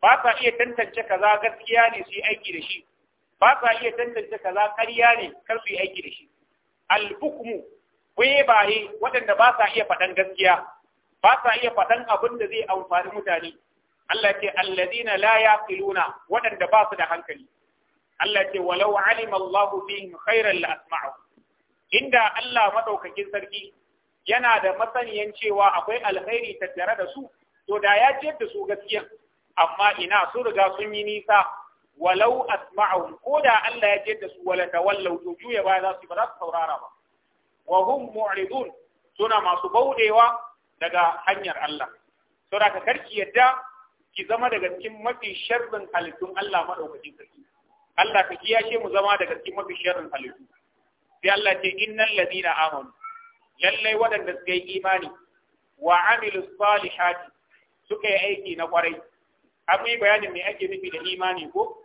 Speaker 1: ba sa iya tantance kaza gaskiya ne su yi aiki da shi ba sa iya tantance kaza ƙarya ne kar su yi aiki da shi albukmu bebaye waɗanda ba sa iya faɗan gaskiya ba sa iya faɗan abin da zai amfani mutane Allah ce alladina la yaqiluna waɗanda ba su da hankali Allah ce walau alima Allah fihim khairan la asma'u inda Allah madaukakin sarki yana da masaniyan cewa akwai alkhairi tattare da su to da ya ce da su gaskiya amma ina su riga sun yi nisa walau asma'u ko da Allah ya ce da su wala tawallau to juya ba za su ba za su saurara ba wa hum mu'ridun suna masu baudewa daga hanyar Allah saboda ka karki yadda ki zama daga cikin mafi sharrin halittun Allah maɗaukacin sarki Allah ka kiyashe mu zama daga cikin mafi sharrin halittu sai Allah ce innal ladina amanu lallai waɗanda suka yi imani wa amilu salihati suka yi aiki na kwarai an yi bayanin me ake nufi da imani ko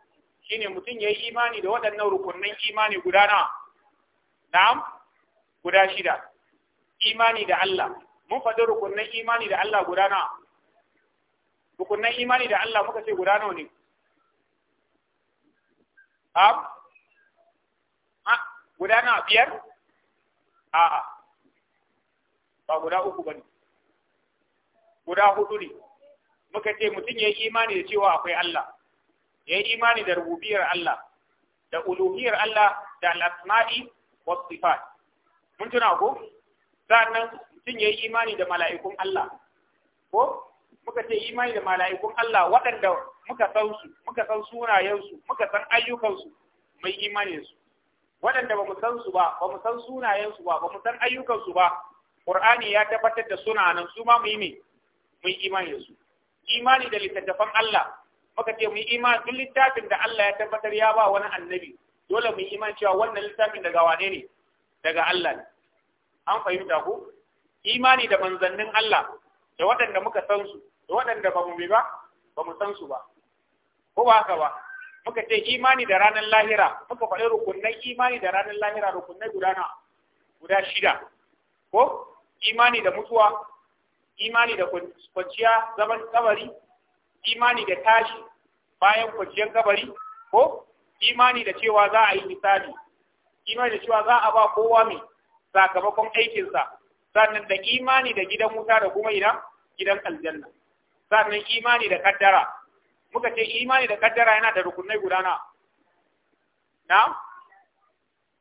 Speaker 1: shine mutum ya yi imani da waɗannan rukunin imani guda na na'am guda shida imani da Allah mun faɗi rukunin imani da Allah guda na tukunan imani da Allah muka ce guda nawa ne a guda nawa biyar a ba guda uku ba ne guda hudu ne muka ce mutum ya yi imani da cewa akwai Allah ya yi imani da rububiyar Allah da uluhiyar Allah da al'asma'i wa sifat mun tuna ko sannan mutum ya yi imani da mala'ikun Allah ko muka ce imani da mala'ikun Allah waɗanda muka san su muka san sunayensu muka san ayyukansu mai imani su waɗanda ba mu san su ba ba mu san sunayensu ba ba mu san ayyukansu ba ƙur'ani ya tabbatar da sunanan su ma mu yi mai yi imani su imani da littattafan Allah muka ce mu yi imani duk littafin da Allah ya tabbatar ya ba wani annabi dole mu yi imani cewa wannan littafin daga wane ne daga Allah ne an fahimta ku imani da manzannin Allah da waɗanda muka san su da waɗanda ba mu bi ba ba mu san su ba ko ba haka ba muka ce imani da ranar lahira muka faɗi rukunnan imani da ranar lahira rukunai guda na guda shida ko imani da mutuwa imani da kwanciya zaman kabari imani da tashi bayan kwanciyar kabari ko imani da cewa za a yi misali imani da cewa za a ba kowa mai sakamakon aikinsa sannan da imani da gidan wuta da kuma ina gidan aljanna sannan imani da kaddara muka ce imani da kaddara yana da rukunai gudana na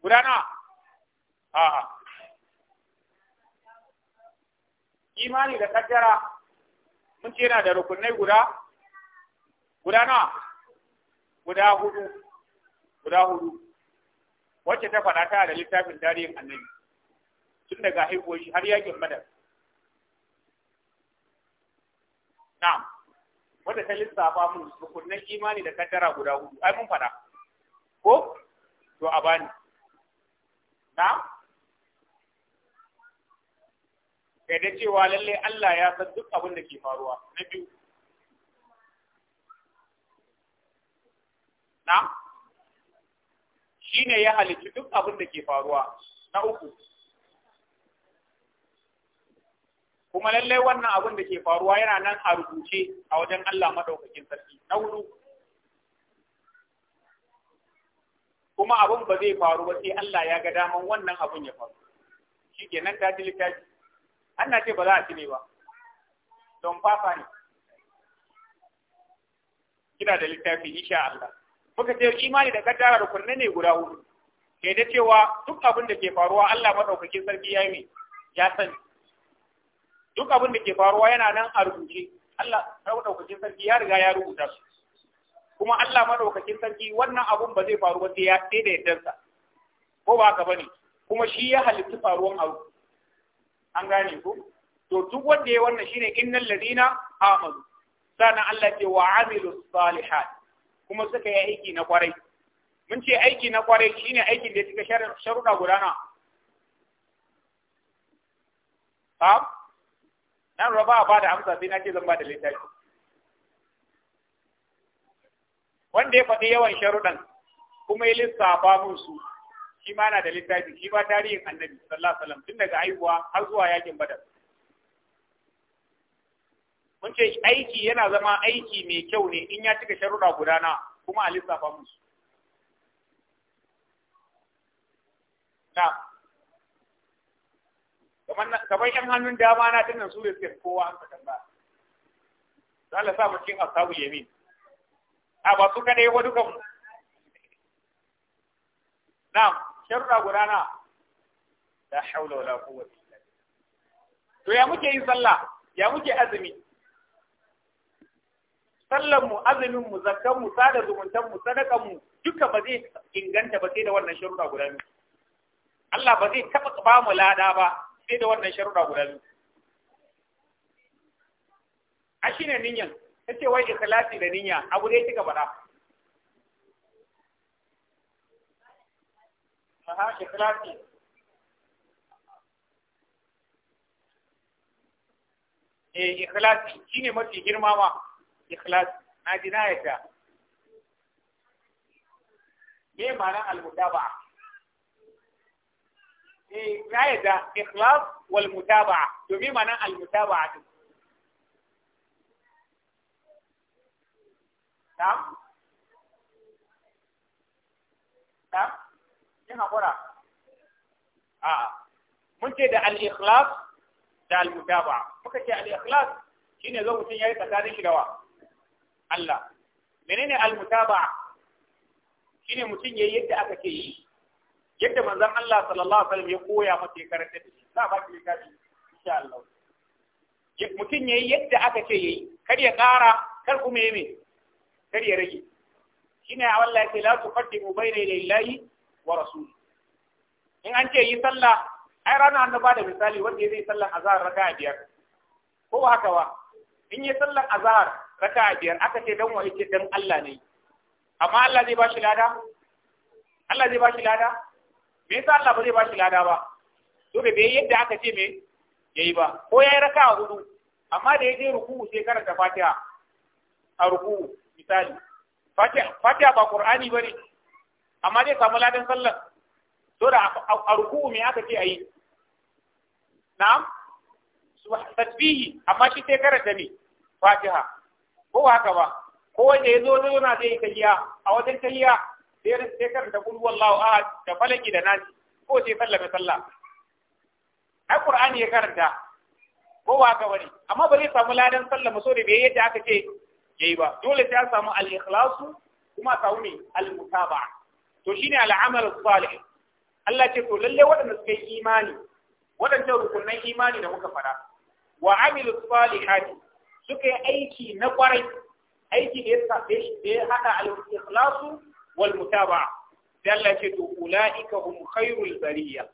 Speaker 1: gudana a imani da kaddara mun ce yana da rukunai guda guda na guda hudu guda hudu wacce ta faɗa ta da littafin tarihin annabi tun daga haihuwar shi har yakin badar na'am wadda ta lissafa mun rukunan imani da kaddara guda hudu ai mun fada ko to a bani na'am kai da cewa lalle Allah ya san duk abin da ke faruwa na biyu na'am shine ya halicci duk abin da ke faruwa na uku kuma lallai wannan abin da ke faruwa yana nan a rubuce a wajen Allah madaukakin sarki na hudu kuma abin ba zai faru ba sai Allah ya ga daman wannan abin ya faru shi ke nan ta littafi Ana ce ba za a cire ba don fafa ne kina da littafi insha Allah muka ce imani da kaddara da kunne ne guda hudu ke da cewa duk abin da ke faruwa Allah madaukakin sarki ya yi ya sani duk abin da ke faruwa yana nan a rubuce Allah madaukakin sarki ya riga ya rubuta su kuma Allah madaukakin sarki wannan abun ba zai faru ba sai ya sai da yaddarsa ko ba haka bane kuma shi ya halitta faruwan abu an gane ku? to duk wanda ya wannan shine innal ladina amanu sana Allah ce wa amilu salihat kuma suka yi aiki na kwarai mun ce aiki na kwarai shine aiki da ya cika sharuɗa gudana. na nan raba ba da amsa sai na ce zan ba da littafi wanda ya faɗi yawan sharuɗan kuma ya lissafa mun su shi ma na da littafi shi ma tarihin annabi sallallahu alaihi wasallam tun daga haihuwa har zuwa yakin badar mun ce aiki yana zama aiki mai kyau ne in ya cika sharuɗa gudana kuma a lissafa mun su kamar yan hannun dama na dinnan su da suke kowa an saka ba za a sa mu a sabu yami a ba su kadai wa dukan na'am sharuɗa guda na da haula wala quwwata illa to ya muke yin sallah ya muke azumi sallan mu azumin mu zakkan mu sada zumuntan mu sadakan mu duka ba zai inganta ba sai da wannan sharuɗa guda ne. Allah ba zai taɓa ba mu lada ba sai da wannan sharuɗa guda biyu a shi ne niyan, ta ce wai ikhlasi da niyya abu dai kika faɗa
Speaker 2: aha ikhlasi
Speaker 1: eh ikhlasi shine mafi girma ma ikhlasi na ji na yadda me ma'anar al-mutaba'a eh na yadda ikhlas wal mutaba'a domin mana al mutaba'a din na'am na'am kin hakura a mun ce da al ikhlas da al mutaba'a muka ce al ikhlas shine zo mutun yayi tsakanin shi da wa Allah menene al mutaba'a shine mutun yayi yadda aka ce yi yadda manzon Allah sallallahu alaihi wasallam ya koya mata ya karanta da shi za ba ki littafi insha Allah mutum yayi yadda aka ce yayi kar ya ƙara kar kuma yayi me kar ya rage shine a wallahi sai la tuqaddimu bayna lillahi wa rasul in an ce yi sallah ai rana an ba da misali wanda zai sallan azhar raka'a biyar ko haka wa in yi sallan azhar raka'a biyar aka ce dan wa ce dan Allah ne amma Allah zai ba shi lada Allah zai ba shi lada me yasa Allah ba zai bashi lada ba to da bai yadda aka ce me yayi ba ko yayi a hudu amma da yaje ruku sai karanta Fatiha a ruku misali Fatiha Fatiha ba Qur'ani bane amma dai samu ladan sallar to da a ruku me aka ce ayi na'am tasbihi amma shi sai karanta me Fatiha ko haka ba ko wanda ya zo na zai a wajen tahiya sai karanta kul wallahu a da falaki da nasi ko sai sallame sallah ai qur'ani ya karanta ko ba ka bari? amma ba zai samu ladan sallah so da bai yadda aka ce yayi ba dole sai an samu al-ikhlasu kuma samu ne al-mutaba'a to shine al-amal salih Allah ce to lalle waɗanda suka yi imani waɗancan rukunan imani da muka fara wa amilu salihati suka yi aiki na kwarai aiki da ya haɗa al-ikhlasu wal mutaba dalla ce to ulaika hum khairul bariya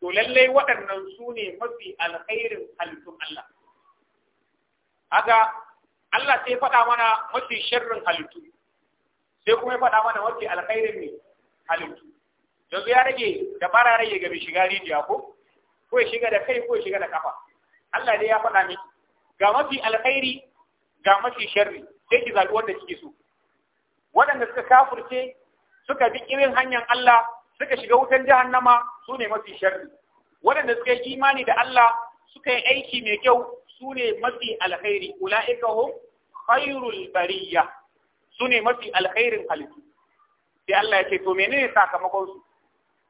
Speaker 1: to lalle waɗannan su ne mafi alkhairin halittun Allah aga Allah sai faɗa mana mafi sharrin halittu sai kuma ya faɗa mana mafi alkhairin ne halittu yanzu ya rage da fara rage ga mai shiga rijiya ko ko ya shiga da kai ko ya shiga da kafa Allah dai ya faɗa miki ga mafi alkhairi ga mafi sharri sai ki zaɓi wanda kike so waɗanda suka kafurce suka bi irin hanyar Allah suka shiga wutan jahannama su ne mafi sharri waɗanda suka yi imani da Allah suka yi aiki mai kyau su ne mafi alkhairi ula'ika hum khairul bariya su ne mafi alkhairin halittu sai Allah ya ce to menene sakamakon su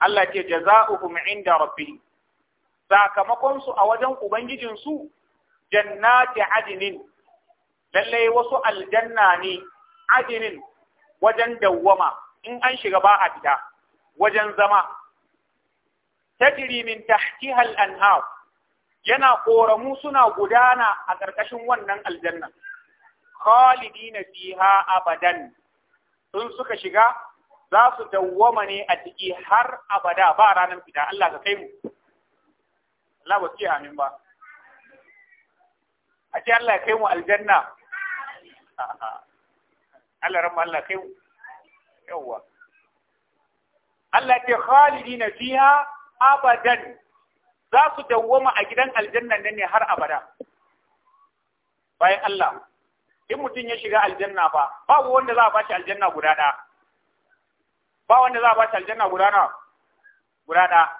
Speaker 1: Allah ya ce jaza'uhum inda rabbihim sakamakon su a wajen ubangijin su jannati adinin lallai wasu aljanna ne adinin wajen dawwama in an shiga ba a fita wajen zama tajri min tahtiha al-anhar yana koramu suna gudana a ƙarƙashin wannan aljanna khalidina fiha abadan sun suka shiga za su dawwama ne a ciki har abada ba ranar fita Allah ka kai mu Allah ba ce amin ba a ce Allah ya kai mu aljanna Allah ran Allah kai yawa Allah ce khalidina fiha abadan za su dawwama a gidan aljannan nan ne har abada bayan Allah in mutum ya shiga aljanna ba babu wanda za a bashi aljanna guda ɗaya ba wanda za a bashi aljanna guda na guda ɗaya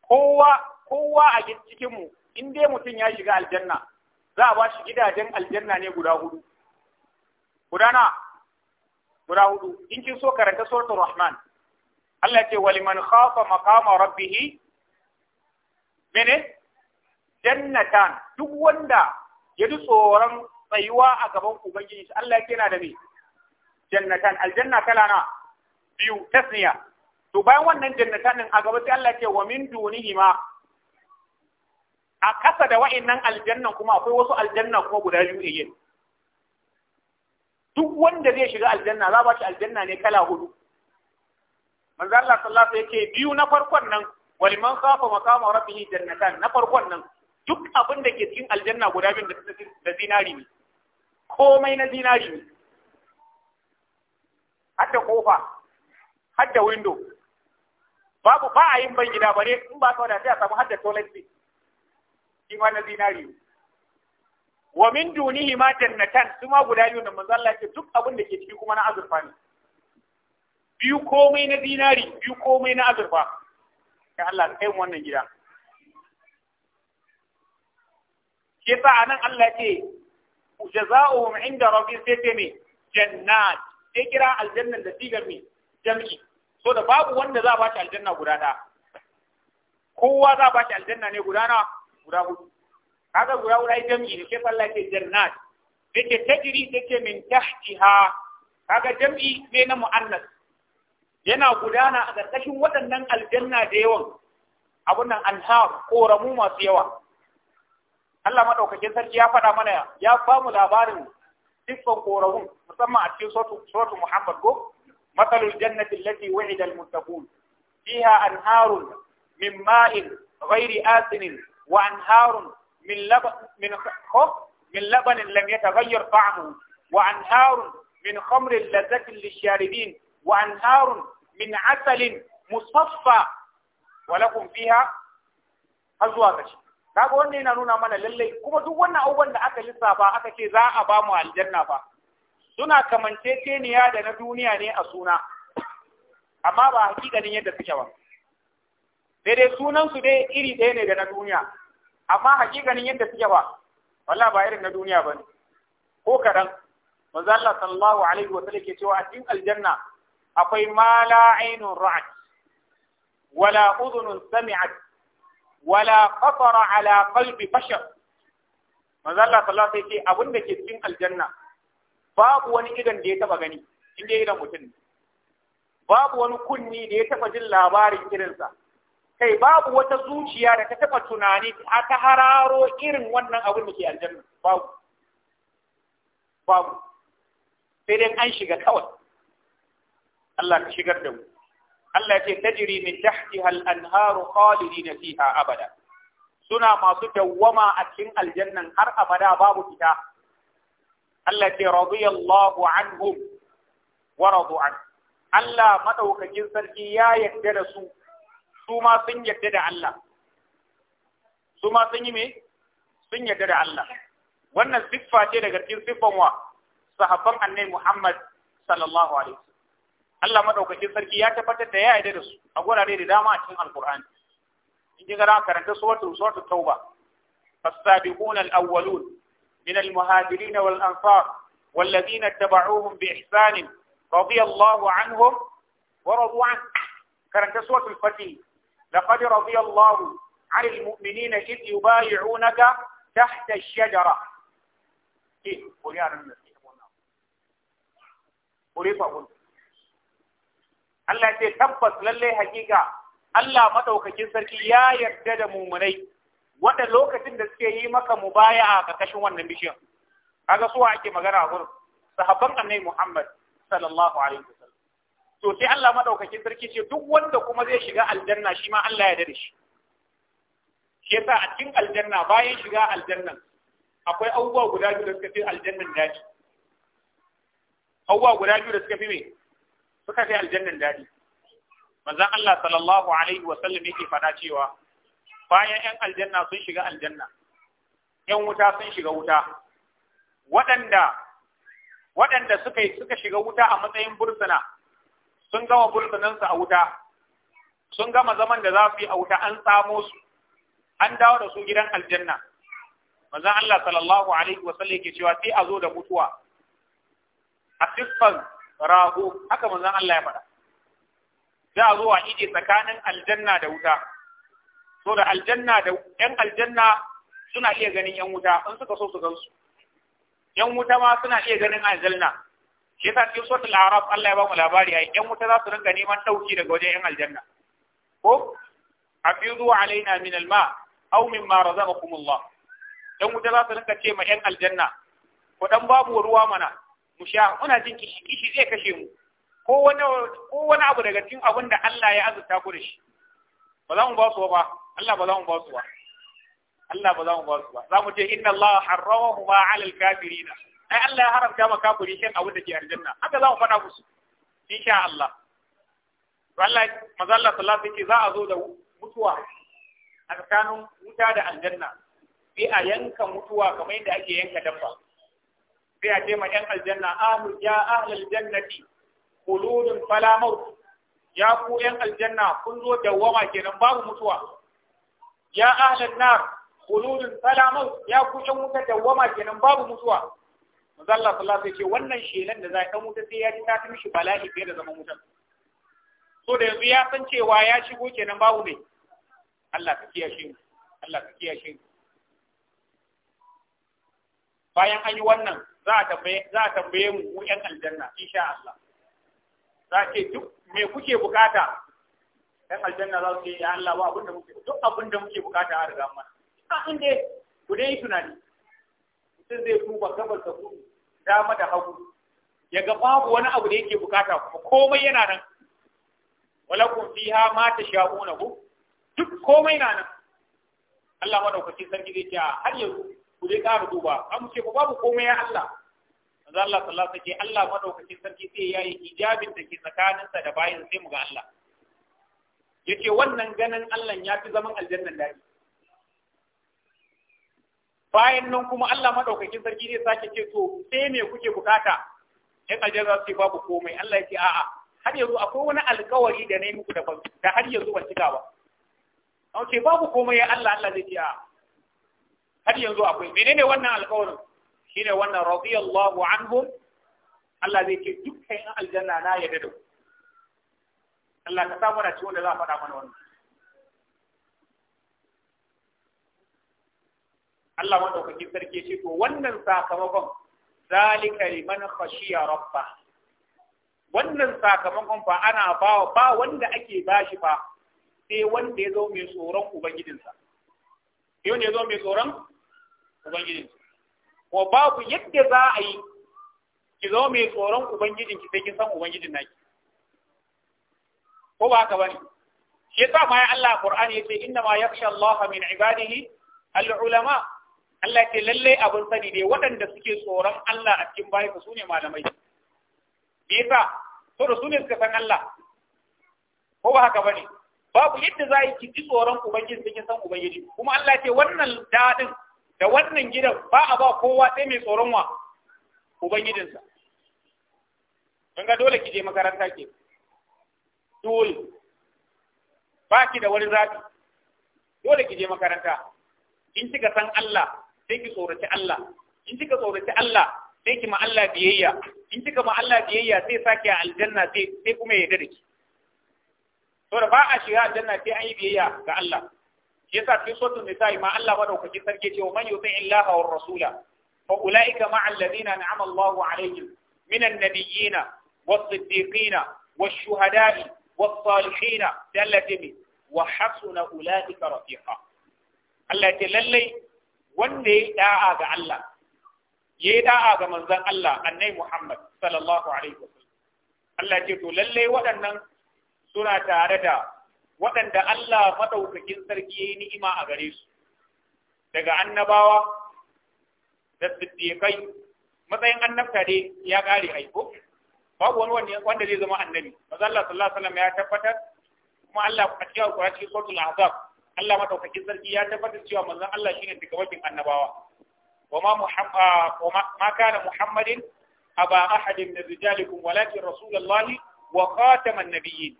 Speaker 1: kowa kowa a cikin mu in dai mutum ya shiga aljanna za a bashi gidajen aljanna ne guda hudu Gudana guda hudu in kin so karanta suratul rahman Allah ce man khafa maqama rabbih mene jannatan duk wanda ya ji tsoron tsayuwa a gaban ubangiji Allah na da me jannatan aljanna kala na biyu tasniya to bayan wannan jannatan din a gaba sai Allah ce wa min dunihima a kasa da wa'annan aljannan kuma akwai wasu aljanna kuma guda biyu ne duk wanda zai shiga aljanna za ba shi aljanna ne kala hudu manzo Allah sallallahu alaihi wasallam biyu na farkon nan waliman khafa maqama rabbihi jannatan na farkon nan duk abin da ke cikin aljanna guda biyu da zinari ne komai na zinari ne hadda kofa hadda window babu ba a yin ban gida bare in ba ka wada sai a samu hadda toilet seat shi ma na zinari ne wa min dunihi ma jannatan su ma guda biyu da manzo Allah ya duk abin da ke ciki kuma na azurfa ne biyu komai na dinari biyu komai na azurfa ya Allah kai mu wannan gida ke yasa anan Allah ce jazaohum inda rabbihim sai ce me jannat sai kira aljannan da sigar me jam'i so da babu wanda za ba bashi aljanna guda ɗaya kowa za ba bashi aljanna ne guda na guda hudu kaga guda jam'i ita ne sai Allah ce jannat yake tajri take min tahtiha kaga jam'i ne na mu'annas yana gudana a ƙarƙashin waɗannan aljanna da yawan abunan anhar koramu masu yawa Allah madaukakin sarki ya faɗa mana ya ba mu labarin siffan koramun musamman a cikin suratu Muhammad ko matalul jannati allati wa'ida al fiha anharun min ma'in ghairi asinin wa anharun من لبن من خب من لبن لم يتغير طعمه وأنهار من خمر لذة للشاربين وأنهار من عسل مصفى ولكم فيها أزواج kaga wannan yana nuna mana lallai kuma duk wannan abubuwan da aka lissafa aka ce za a ba mu aljanna ba suna teniya da na duniya ne a suna amma ba hakikanin yadda suke ba sai dai sunan su dai iri ɗaya ne da na duniya amma hakikanin yadda suke ba walla ba irin na duniya bane ko kadan manzo Allah sallallahu alaihi wa sallam ke cewa a cikin aljanna akwai ma la ainun ra'at wala udhunun sami'at wala khatara ala qalbi bashar manzo Allah sallallahu alaihi wa sallam ke abin da ke cikin aljanna babu wani idan da ya taba gani inda idan mutum babu wani kunni da ya taba jin labarin irinsa kai babu wata zuciya da ta taɓa tunani a ta hararo irin wannan abin da ke aljanna babu babu sai dai an shiga kawai Allah ka shigar da mu Allah ya ce tajri min tahtiha al-anharu khalidina fiha abada suna masu dawwama a cikin aljannan har abada babu fita Allah ya ce radiyallahu anhum wa radu an Allah madaukakin sarki ya yarda da su su ma sun yarda da Allah su ma sun yi me sun da Allah wannan siffa ce daga cikin siffan wa sahabban annabi Muhammad sallallahu alaihi Allah madaukakin sarki ya tabbatar da ya da su a gurare da dama a cikin alqur'ani in ji gara karanta suratul suratul tauba السابقون الأولون من المهاجرين والأنصار والذين اتبعوهم بإحسان رضي الله عنهم ورضوا عنه كرنت سورة الفتي لقد رضي الله عن المؤمنين إذ يبايعونك تحت الشجرة إيه قل يا رب قل يفعل Allah ce tabbas lallai hakika Allah madaukakin sarki ya yarda da mumunai wanda lokacin da suke yi maka mubaya'a karkashin wannan bishiyar kaga su ake magana gurin sahabban annabi Muhammad sallallahu alaihi to sai Allah madaukakin sarki ce duk wanda kuma zai shiga aljanna shi ma Allah ya dade shi shi yasa a cikin aljanna bayan shiga aljannan akwai abubuwa guda biyu da suka fi aljannan dadi abubuwa guda biyu da suka fi me suka fi aljannan dadi manzon Allah sallallahu alaihi wa sallam yake fada cewa bayan ƴan aljanna sun shiga aljanna Ƴan wuta sun shiga wuta waɗanda waɗanda suka suka shiga wuta a matsayin bursuna sun gama bulbunansu a wuta sun gama zaman da za su yi a wuta an samo su an dawo da su gidan aljanna manzon Allah sallallahu alaihi wa sallam yake cewa sai a zo da mutuwa a siffan rago haka manzon Allah ya faɗa za a zo a ije tsakanin aljanna da wuta so da aljanna da yan aljanna suna iya ganin yan wuta in suka so su gansu yan wuta ma suna iya ganin aljanna shi yasa cikin suratul a'raf Allah ya ba mu labari ai yan wuta za su rinka neman dauki daga wajen yan aljanna ko afidu alaina min alma aw mimma razaqakumullah yan wuta za su rinka ce ma yan aljanna ko dan babu ruwa mana mu sha muna jin kishi kishi zai kashe mu ko wani ko wani abu daga cikin abin da Allah ya azurta ku da shi ba za mu ba su ba Allah ba za mu ba su ba Allah ba za mu ba su ba za mu ce inna Allah harramahu ma 'ala kafirina ai Allah ya haramta ma kafiri shan abin da ke aljanna haka za mu faɗa musu insha Allah wallahi manzo Allah sallallahu alaihi za a zo da mutuwa a tsakanin wuta da aljanna sai a yanka mutuwa kamar yadda ake yanka dabba sai a ce ma yan aljanna ahlu ya ahlul jannati khuludun fala maut ya ku yan aljanna kun zo dawwama kenan babu mutuwa ya ahlun nar khuludun fala maut ya ku yan wuta dawwama kenan babu mutuwa manzo Allah sallallahu alaihi wasallam wannan shelan da za dan wuta sai ya ji ta tafi mishi bala'i fiye da zaman wutar so da yanzu ya san cewa ya shigo kenan babu ne Allah ka kiyashe mu Allah ka kiyashe mu bayan an yi wannan za a tambaye za a tambaye mu mu yan aljanna insha Allah za ce duk me kuke bukata yan aljanna za su ce ya Allah ba da muke duk da muke bukata a riga mana a inda ku dai tunani mutum zai tuba gabar da kudu dama da hagu ya ga babu wani abu da yake bukata kuma komai yana nan walakum fiha ma tasha'una hu duk komai na nan Allah madaukakin sarki zai ce har yanzu ku dai ƙara duba an ce ku babu komai ya Allah manzo Allah sallallahu alaihi wasallam Allah madaukakin sarki sai yayi ijabin da ke tsakaninsa da bayin sai mu ga Allah yace wannan ganin Allah ya fi zaman aljannan dadi bayan nan kuma Allah madaukakin sarki zai sake ce to sai me kuke bukata yan aljanna su babu komai Allah ya ce a'a har yanzu akwai wani alkawari da nayi muku daban da har yanzu ban cika ba an ce babu komai ya Allah Allah zai ce a'a har yanzu akwai menene wannan alkawarin shine wannan radiyallahu anhum Allah zai ce dukkan aljanna na yadda da Allah ka samu da ciwon da za a faɗa mana wannan Allah madaukakin sarki ce to wannan sakamakon zalika liman khashiya rabba wannan sakamakon fa ana ba ba wanda ake bashi fa sai wanda ya zo mai tsoron ubangijinsa sai wanda ya zo mai tsoron ubangijinsa ko babu yadda za a yi ki zo mai tsoron ki, sai kin san ubangijin naki ko ba haka bane shi yasa ma ya Allah Qur'ani yace inna ma yakhsha Allah min ibadihi al-ulama Allah ce lallai abin sani ne waɗanda suke tsoron Allah a cikin bayan su ne malamai me yasa to da su ne suka san Allah ko ba haka bane babu yadda za ki ji tsoron ubangiji sai san ubangiji kuma Allah ce wannan dadin da wannan gidan ba a ba kowa sai mai tsoron wa ubangijinsa kun ga dole ki je makaranta ke dole ba ki da wani zafi dole ki je makaranta in kika san Allah sai ki tsoraci Allah in kika tsoraci Allah sai ki ma Allah biyayya in kika ma Allah biyayya sai sake a aljanna sai kuma ya yarda da ki to da ba a shiga aljanna sai an yi biyayya ga Allah yasa cikin suratul nisa'i ma Allah madaukakin sarki ce wa man yuti illaha war rasula fa ulaika ma'al ladina an'ama Allahu alaihim minan nabiyina والصديقين والشهداء والصالحين التي rafiqa. Allah ya التي lallai. wanda ya yi da'a ga Allah ya yi da'a ga manzan Allah annai Muhammad sallallahu alaihi wasallam Allah ce to lalle waɗannan suna tare da waɗanda Allah maɗaukakin sarki ya yi ni'ima a gare su daga annabawa da siddiqai matsayin annabta dai ya ƙare aiko babu wani wanda zai zama annabi manzo Allah sallallahu alaihi wasallam ya tabbatar kuma Allah a cikin Qur'ani suratul Azab, Allah madaukakin sarki ya tabbatar cewa manzon Allah shine tikawakin annabawa وما محمد وما ما كان محمد أبا أحد من رجالكم ولكن رسول الله وخاتم النبيين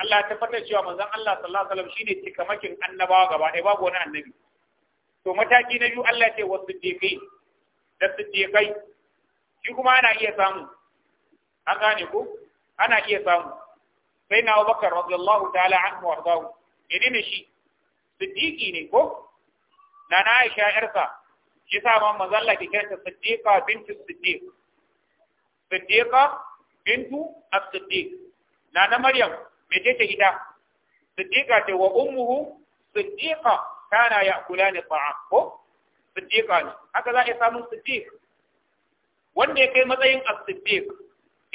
Speaker 1: الله تفرد شوى من الله صلى الله عليه وسلم شيني تكمكين النبا غبا to mataki na biyu Allah ce wasu siddiqai da siddiqai shi kuma ana iya samu an gane ko ana iya samu sai na Abubakar radiyallahu ta'ala anhu wardahu menene shi siddiqi ne ko na na Aisha yarsa shi sa ma mazalla ke kiranta siddiqa bintu siddiq siddiqa bintu as-siddiq na na Maryam me ce ce ita siddiqa ce wa ummuhu siddiqa kana ya'kulani ta'am ko siddiqa ne haka za a samu siddiq wanda ya kai matsayin as-siddiq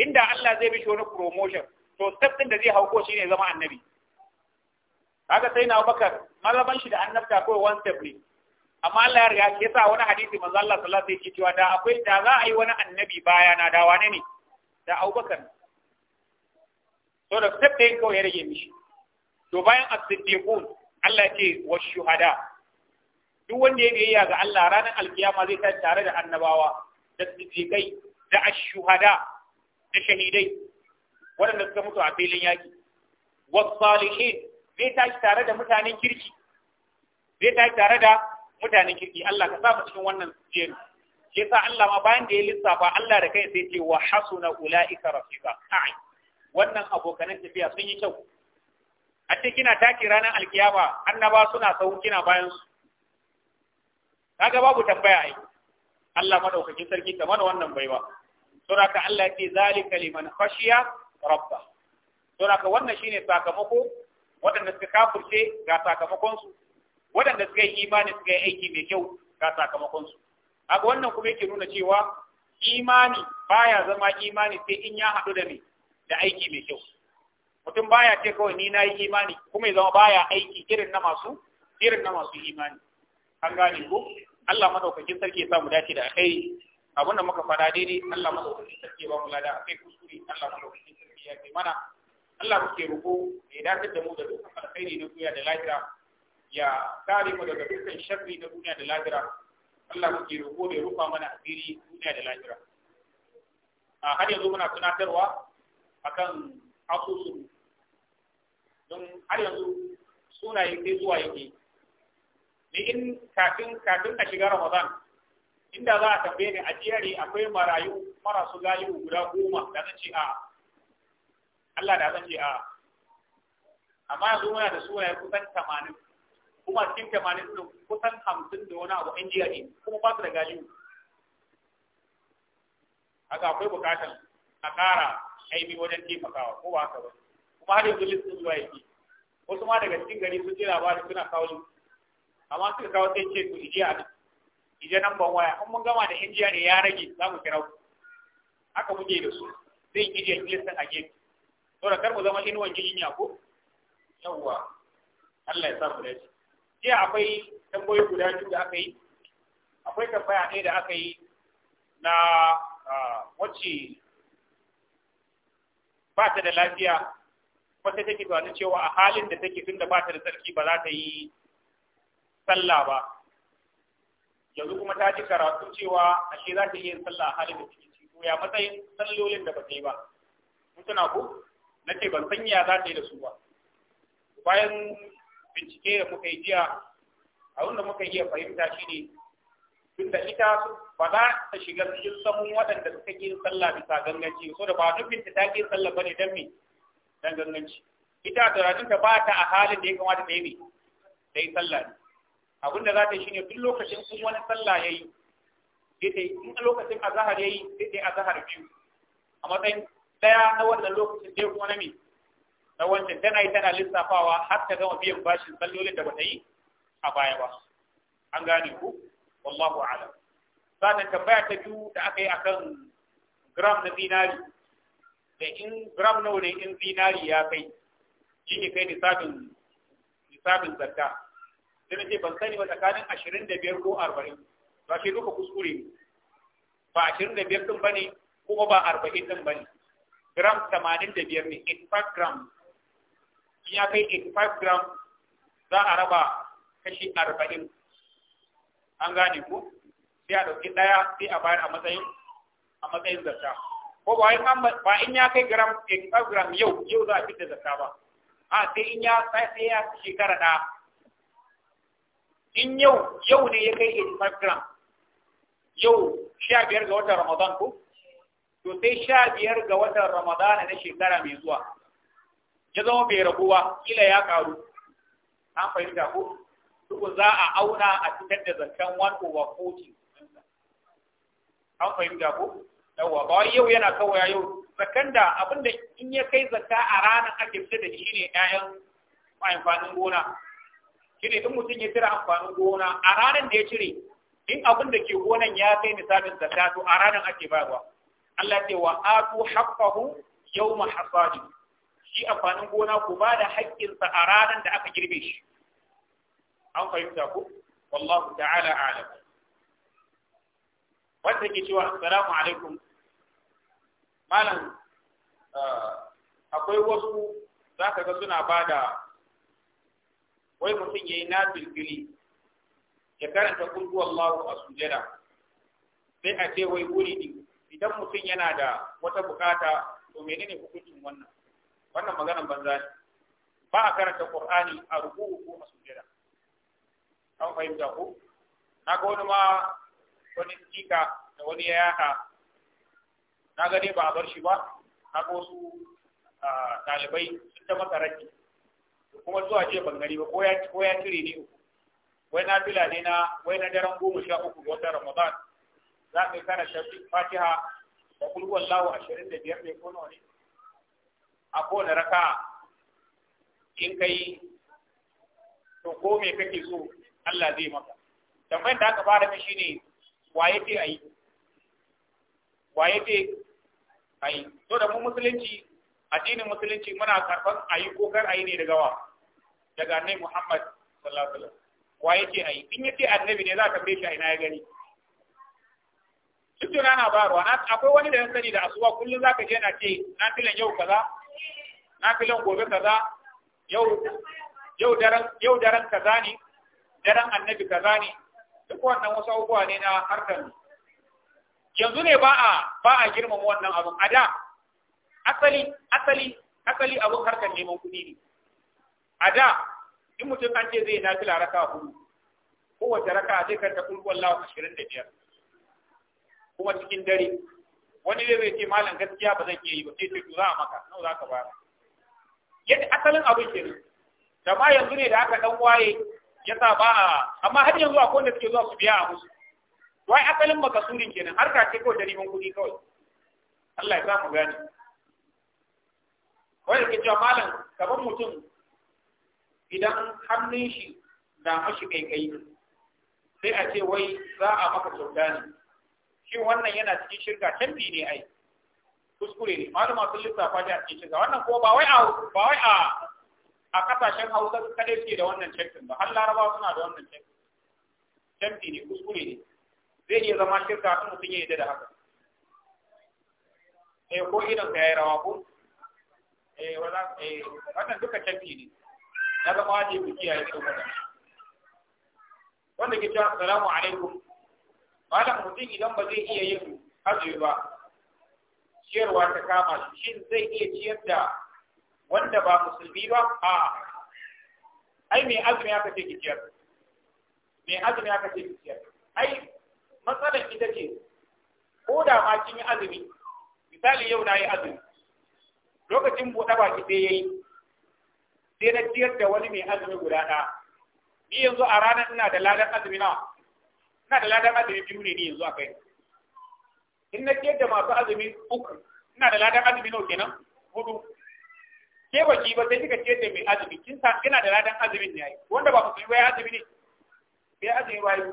Speaker 1: inda Allah zai bi shi wani promotion to step din da zai hauko shine zama annabi kaga sai na bakar malaman shi da annabta kawai one step ne amma Allah ya riga ke sa wani hadisi manzo Allah sallallahu alaihi wasallam cewa da akwai da za a yi wani annabi baya na da wane ne da Abubakar so da step ɗayan kawai ya rage mishi to bayan as-siddiqun Allah ya ce wa shuhada duk wanda ya biyayya ga Allah ranar alkiyama zai ta tare da annabawa da siddiqai da ash-shuhada da shahidai waɗanda suka mutu a filin yaki was salihin zai tashi tare da mutanen kirki zai tashi tare da mutanen kirki Allah ka sa mu cikin wannan jeru shi yasa Allah ma bayan da ya lissafa Allah da kai sai ce wa hasuna ulaika rafiqa ai wannan abokanan tafiya sun yi kyau a ce kina taki ranar alkiyama annaba suna sau kina bayan su kaga babu tambaya ai Allah madaukakin sarki ta mana wannan baiwa ka Allah ya ce zalika liman khashiya rabba ka wannan shine sakamako waɗanda suka kafurce ga sakamakonsu waɗanda suka yi imani suka yi aiki mai kyau ga sakamakonsu haka wannan kuma yake nuna cewa imani baya zama imani sai in ya haɗu da ni da aiki mai kyau mutum baya ce kawai ni na yi imani kuma ya zama baya aiki irin na masu irin na masu imani an gane ko Allah madaukakin sarki ya sa mu dace da akai abin da muka faɗa daidai Allah madaukakin sarki ya ba mu lada akai kuskure Allah madaukakin sarki ya kai mana Allah ke roko ya dakatar da mu da dukkan alkhairi na duniya da lahira ya kare mu daga dukkan sharri na duniya da lahira Allah muke roko da rufa mana asiri duniya da lahira a har yanzu muna tunatarwa akan asusun don har yanzu sunaye sai zuwa yake ni in kafin kafin a shiga Ramadan inda za a tambaye ni a jere akwai marayu marasu galibu guda goma da zan ce a Allah da zan yi a amma yanzu muna da sunaye kusan 80 kuma cikin 80 din kusan 50 da wani abu an ne kuma ba su da galibi haka akwai bukatan a ƙara aimi wajen taimakawa ko ba haka ba kuma har yanzu listin zuwa yake wasu ma daga cikin gari sun ji labarin suna kawo amma suka kawo sai ce ku ji a ije nan ban waya in mun gama da injiya ne ya rage za mu kira ku haka muke da su zai ije listin a gefe saboda kar mu zama inuwan ya ko yawwa Allah ya sa mu dace jiya akwai tambayoyi guda biyu da aka yi akwai tambaya ɗaya da aka yi na wacce ba ta da lafiya kuma sai take tunanin cewa a halin da take tunda ba ta da sarki ba za ta yi sallah ba yanzu kuma ta ji karatu cewa ashe za ta iya yin sallah a halin da take ciki Ko ya matsayin sallolin da ba ta yi ba mutuna ko na ce ban san ya za ta yi da su ba bayan bincike da muka yi jiya a wanda muka yi fahimta shi ne tunda ita ba za ta shiga cikin samun waɗanda suka yi sallah bisa ganganci so da ba nufin ta yi sallah ba ne don me dan ganganci ita tunanin ta ba ta a halin da ya kamata ta yi ne ta yi sallah ne abin da za ta yi ne duk lokacin sun wani sallah ya yi sai ta yi in lokacin azahar ya yi sai ta yi azahar biyu a matsayin daya na wannan lokacin ɗaya kuma na me na wanda tana yi tana lissafawa har ta gama biyan bashin sallolin da bata yi a baya ba an gane ku wallahu a'lam sannan tambaya ta biyu da aka yi akan gram na zinari da in gram nawa ne in zinari ya kai shi ne kai nisabin nisabin zakka sai ce ban sani ba tsakanin ashirin da biyar ko arba'in ba shi duka kuskure ba ashirin da biyar ɗin ba ne kuma ba arba'in ɗin ba ne gram tamanin da biyar ne 85 gram in ya kai 85 gram za a raba kashi arba'in an gane ku sai a ɗauki ɗaya sai a bayar a matsayin a matsayin zarta ko ba in ba in ya kai gram 85 gram yau yau za a fita da zarta ba a sai in ya sai ya shekara ɗaya in yau yau ne ya kai 85 gram yau sha biyar ga watan ramadan ko to sai sha biyar ga watan ramadana na shekara mai zuwa ya zama bai raguwa kila ya karu an fahimta ko duk za a auna a fitar da zancen one over forty an fahimta ko yawwa ba yau yana kawai yau zakan da abinda in ya kai zakka a ranar ake fitar da shi ne 'ya'yan amfanin gona shi ne in mutum ya cire amfanin gona a ranar da ya cire in abin da ke gonan ya kai misalin zakka to a ranar ake bayarwa Allah ce wa atu haqqahu yawma hasadi shi amfanin gona ku ba da haƙƙinsa a ranar da aka girbe shi an fahimta ku wallahu ta'ala alam wanda ke cewa assalamu alaikum malam ah, akwai wasu za ka ga suna ba da wai mutum ya yi na bilbili ya karanta kulhu Allahu a sujada sai a ce wai wuri din idan mutum yana da wata bukata to menene hukuncin wannan wannan maganar banza ne ba a karanta qur'ani a ruku'u ko a sujjada an fahimta ko na ga wani ma wani sika da wani ya yaka na ga dai ba a bar shi ba na ga wasu ɗalibai sun ta masa raki kuma zuwa ce ban gari ba ko ya cire ni uku wai na fila ne na wai na daren goma sha uku ga watan ramadan za ka tafi fatiha da kulwar lawo ashirin da biyar ne ko nawa ne a kowane raka in ka yi to ko me kake so Allah zai maka tambayar da aka fara min ne waye ce a yi, waye ce yi to da mu musulunci addinin musulunci muna a ayi ko kar yi ne daga wa daga annabi Muhammad sallallahu alaihi wasallam waye ce yi in yace annabi ne za ka tambaye shi a ina ya gani duk da rana ba ruwa akwai wani da ya sani da asuba kullum zaka je na ce na filan yau kaza na filan gobe kaza yau yau daren yau daren kaza ne daren annabi kaza ne duk wannan wasu abubuwa ne na harkar yanzu ne ba a ba a girmama wannan abin a da asali asali asali abin harkar neman kuɗi ne a da in mutum an ce zai na fila raka hudu kowace raka zai karta kulkuwallahu ashirin da biyar kuma cikin dare wani zai zai ce malam gaskiya ba zan iya yi ba sai ce za a maka nawa za ka ba yadda asalin ke ne. da ma yanzu ne da aka dan waye ya sa ba a amma har yanzu akwai wanda suke zuwa su biya a musu wai asalin maka surin kenan harka ce kawai da neman kuɗi kawai Allah ya sa mu gane wai ke cewa malam kamar mutum idan hannun shi na mashi kai sai a ce wai za a maka sauda ne shi wannan yana cikin shirka canbi ne ai kuskure ne malama sun lissafa shi a cikin shirka wannan kuma ba wai a ba wai a a kasashen Hausa kadai suke da wannan cekin ba har Laraba suna da wannan Can canbi ne kuskure ne zai iya zama shirka in mutum ya yi da haka eh ko idan ka yi rawa ko eh wala eh wannan duka canbi ne na zama wajibi kiyaye su wannan wanda ke cewa assalamu alaikum malam mutum idan ba zai iya yin azumi ba ciyarwa ta kama shi shin zai iya ciyar da wanda ba musulmi ba a ai mai azumi aka ce ki ciyar mai azumi aka ce ki ciyar ai matsalar ita ce ko da ma kin yi azumi misali yau na yi azumi lokacin buɗe ki sai yayi sai na ciyar da wani mai azumi guda ɗaya ni yanzu a ranar ina da ladan azumi na ina da ladan azumi biyu ne ni yanzu a kai in na da masu azumi uku ina da ladan azumi nawa kenan hudu ke baki ba sai kika da mai azumi kin sa kina da ladan azumin ne yayi wanda ba ku ba ya azumi ne bai azumi ba yi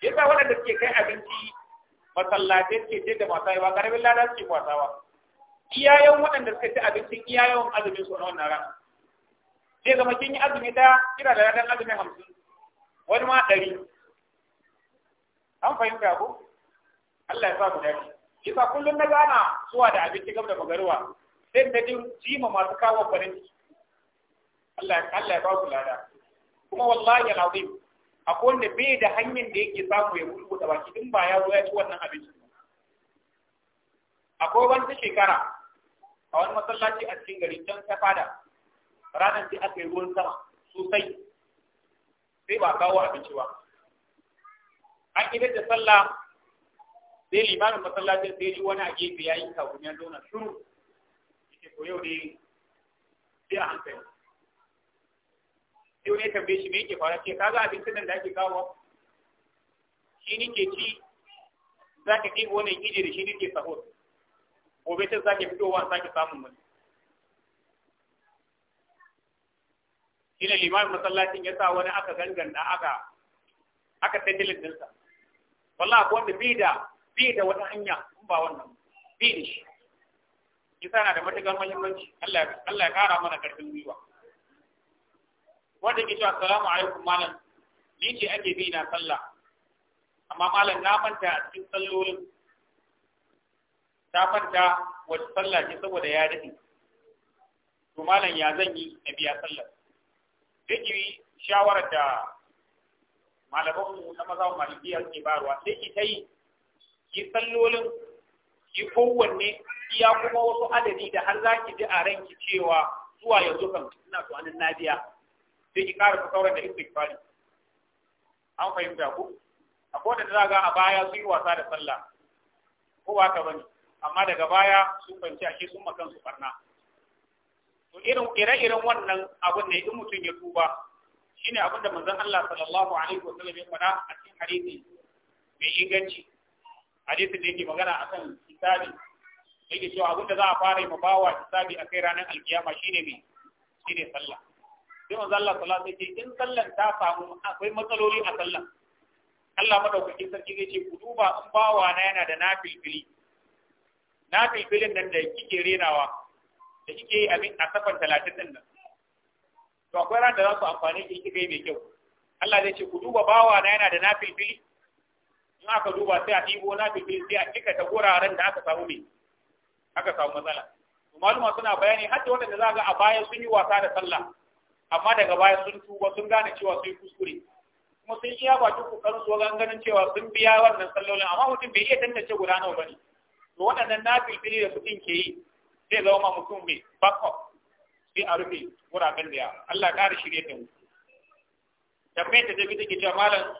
Speaker 1: yasa waɗanda suke kai abinci masallatai suke da masu aiwa ba karamin ladan suke kwasawa iyayen waɗanda suka ci abincin iyayen azumin su na wannan rana zai zama kin yi azumi ɗaya kina da ladan azumi hamsin wani ma ɗari an fahimta ko Allah ya sa ku dace sa kullum na gana zuwa da abinci gaba da magarwa sai na ji jima masu kawo farin ciki Allah Allah ya ba ku lada kuma wallahi alazim akwai wanda bai da hanyar da yake samu ya gudu da baki in ba ya zo ya ci wannan abinci akwai wani shekara a wani masallaci a cikin gari can ta fada ranar da aka yi ruwan sama sosai sai ba kawo abinci ba an da sallah sai limamin masallacin sai ji wani a gefe ya yi kafin ya zauna shuru yake ke yau ne sai a hankali sai wani ya tambaye shi me yake fara ce kaga abincin nan da ake kawo shi nike ci za ka ɗiga wani ije da shi nike sahur gobe ta za ka fitowa za ka samun shi ne limamin masallacin ya sa wani aka ganganta aka aka tattalin dinsa wallahi ko wanda bi da bi da wata hanya in ba wannan bi da shi kisa na da matukar muhimmanci Allah Allah ya kara mana karfin gwiwa wanda ke cewa assalamu alaikum malam ni ce ake bi na sallah amma malam na manta a cikin sallolin ta manta wata sallah ce saboda ya dade to malam ya zan yi na biya sallah zai yi shawarar da malaman mu na maza malikiya ke barwa sai ki tayi ki sallolin ki kowanne ya kuma wasu adadi da har za ki ji a ranki cewa zuwa yanzu kan ina so anan nadiya sai ki ƙara sauran da istighfari an fahimta ku akwai da za ga a baya sun yi wasa da sallah ko ba ka bane amma daga baya sun fahimci ashe sun makan su barna to irin ire-iren wannan abin da in mutum ya tuba shine abin da manzon Allah sallallahu alaihi wasallam ya faɗa a cikin hadisi mai inganci hadisin da yake magana akan hisabi yake cewa abin da za a fara yi bawa hisabi a kai ranar alkiyama shine me shine sallah sai manzon Allah sallallahu alaihi wasallam in sallan ta samu akwai matsaloli a sallah Allah madaukaki sarki zai ce ku duba in bawa na yana da nafilfili nafilfilin nan da kike renawa da kike yi abin a safan talatin din nan to akwai ran da za su amfani ki ita mai kyau Allah zai ce ku duba bawa na yana da nafilfili in aka duba sai a ɗibo nafilfili sai a kika ta guraren da aka samu mai aka samu matsala maluma suna bayani har da wanda za ga a baya sun yi wasa da sallah amma daga baya sun tuba sun gane cewa sun yi kuskure kuma sun iya bakin kokarin su wajen ganin cewa sun biya wannan sallolin amma mutum bai iya tantance guda nawa bane to waɗannan nafilfili da suke ke yi zai zama mutum mai backup sai a rufe wuraren da ya Allah ƙara shirye da mu tambayar da tafi take cewa malam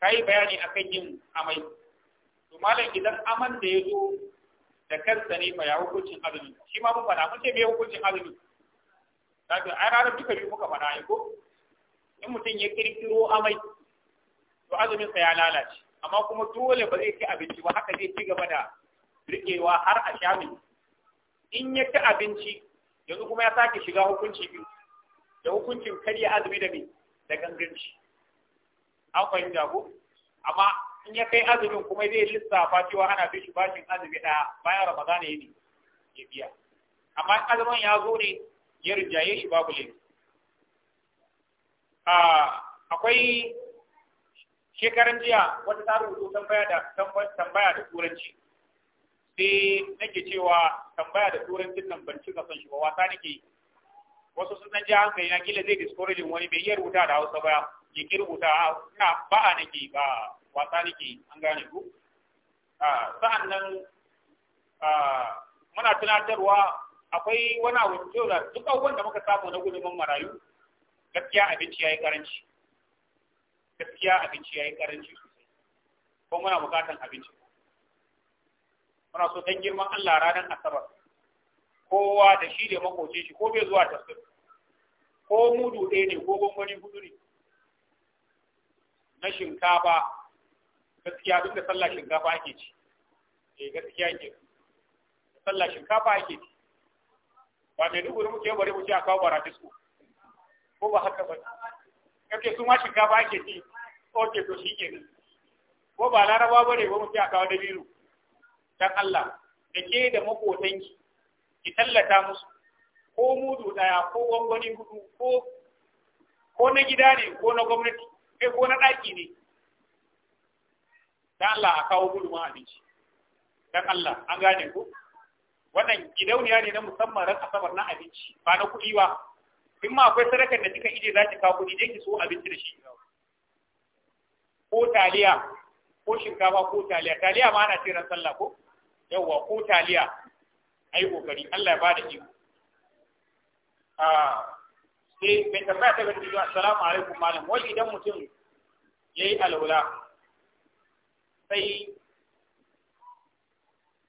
Speaker 1: kai bayani akan yin amai to malam idan aman da ya zo da kansa ne fa ya hukuncin azumi shi ma mun faɗa mun ce me hukuncin azumi kaga ai ranar duka biyu muka faɗa ko in mutum ya kirkiro amai to azumin sa ya lalace amma kuma dole ba zai ci abinci ba haka zai ci gaba da riƙewa har a sha in ya ci abinci yanzu kuma ya sake shiga hukunci biyu da hukuncin karya azumi da me da ganganci an fahimta jago amma in ya kai azumin kuma zai lissafa cewa ana bi shi bashin azumi ɗaya bayan ramadan ya ne ya biya amma azumin ya zo ne ya rinjaye shi babu laifi akwai shekaran jiya wata ta rubuto tambaya da tambaya da turanci sai nake cewa tambaya da turancin nan ban cika son shi ba wasa nake yi wasu sun san ji hankali na kila zai discouraging wani bai iya rubuta da hausa ba ya ki rubuta ina ba a nake ba wasa nake an gane ku sa'an nan muna tunatarwa akwai wani abu cewa duk abubuwan da muka samu na gudunman marayu gaskiya abinci ya yi karanci gaskiya abinci ya yi karanci sosai kuma muna bukatan abinci muna so dan girman Allah ranar asabar kowa da shi da makoci shi ko bai zuwa tafsir ko mudu ɗaya ne ko gwangwani hudu ne na shinkafa gaskiya duk da sallah shinkafa ake ci eh gaskiya ke sallah shinkafa ake ci ba mai duk muke bari mu ci a kawo baratisko? ko ba haka ba kake su ma shinkafa ake ci oke to shi ke ko ba laraba ba ne ba mu ci a kawo dabiru Dan Allah da ke da makotanki ki tallata musu ko mudu daya ko gwangwani hudu ko ko na gida ne ko na gwamnati kai ko na ɗaki ne dan Allah a kawo ma abinci dan Allah an gane ku wannan gidauniya ne na musamman ran asabar na abinci ba na kuɗi ba in ma akwai sadakar da kika ije za ki kawo kuɗi je ki so abinci da shi ko taliya ko shinkafa ko taliya taliya ma ana ce ran sallah ko yawwa ko taliya ai kokari Allah ya bada iko a ah, sai mai tambaya ta gani zuwa assalamu alaikum malam wai idan mutum yayi alwala sai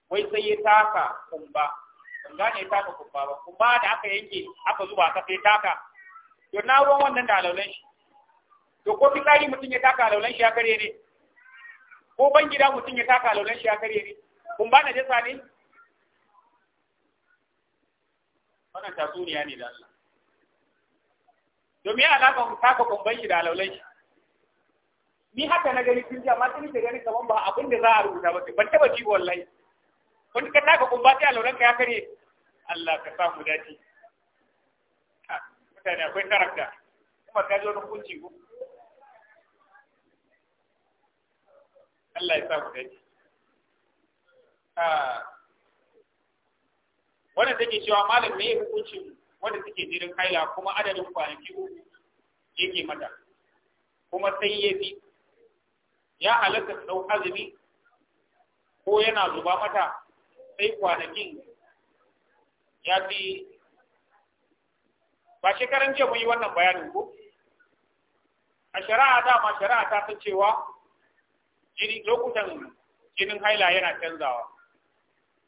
Speaker 1: wai sai ya taka kumba ban gane ya taka kumba ba kumba da aka yanke aka zuba ka sai taka to na ruwan wannan da alaulan shi to ko fitsari mutum ya taka alaulan shi ya kare ne ko ban gida mutum ya taka alaulan shi ya kare ne kun ba najasa ne wannan tasuniya ne da Allah domin alaƙa taka kumban shi da alaulai shi ni haka na gani sun ji amma sun ce gani kaman ba abin da za a rubuta ba ban taba ji wallahi kun ka taka kumba sai alauran ka ya kare Allah ka samu dace mutane akwai karakta kuma ka ji wani hukunci ko Allah ya samu dace Ah, wanda take cewa malam me hukuncin wanda take jirin haila kuma adadin kwanaki uku yake mata kuma sai ya bi ya halatta ɗau azumi ko yana zuba mata sai kwanakin ya fi ba shekaran jiya mun yi wannan bayanin ko a shari'a dama shari'a ta san cewa jini lokutan jinin haila yana canzawa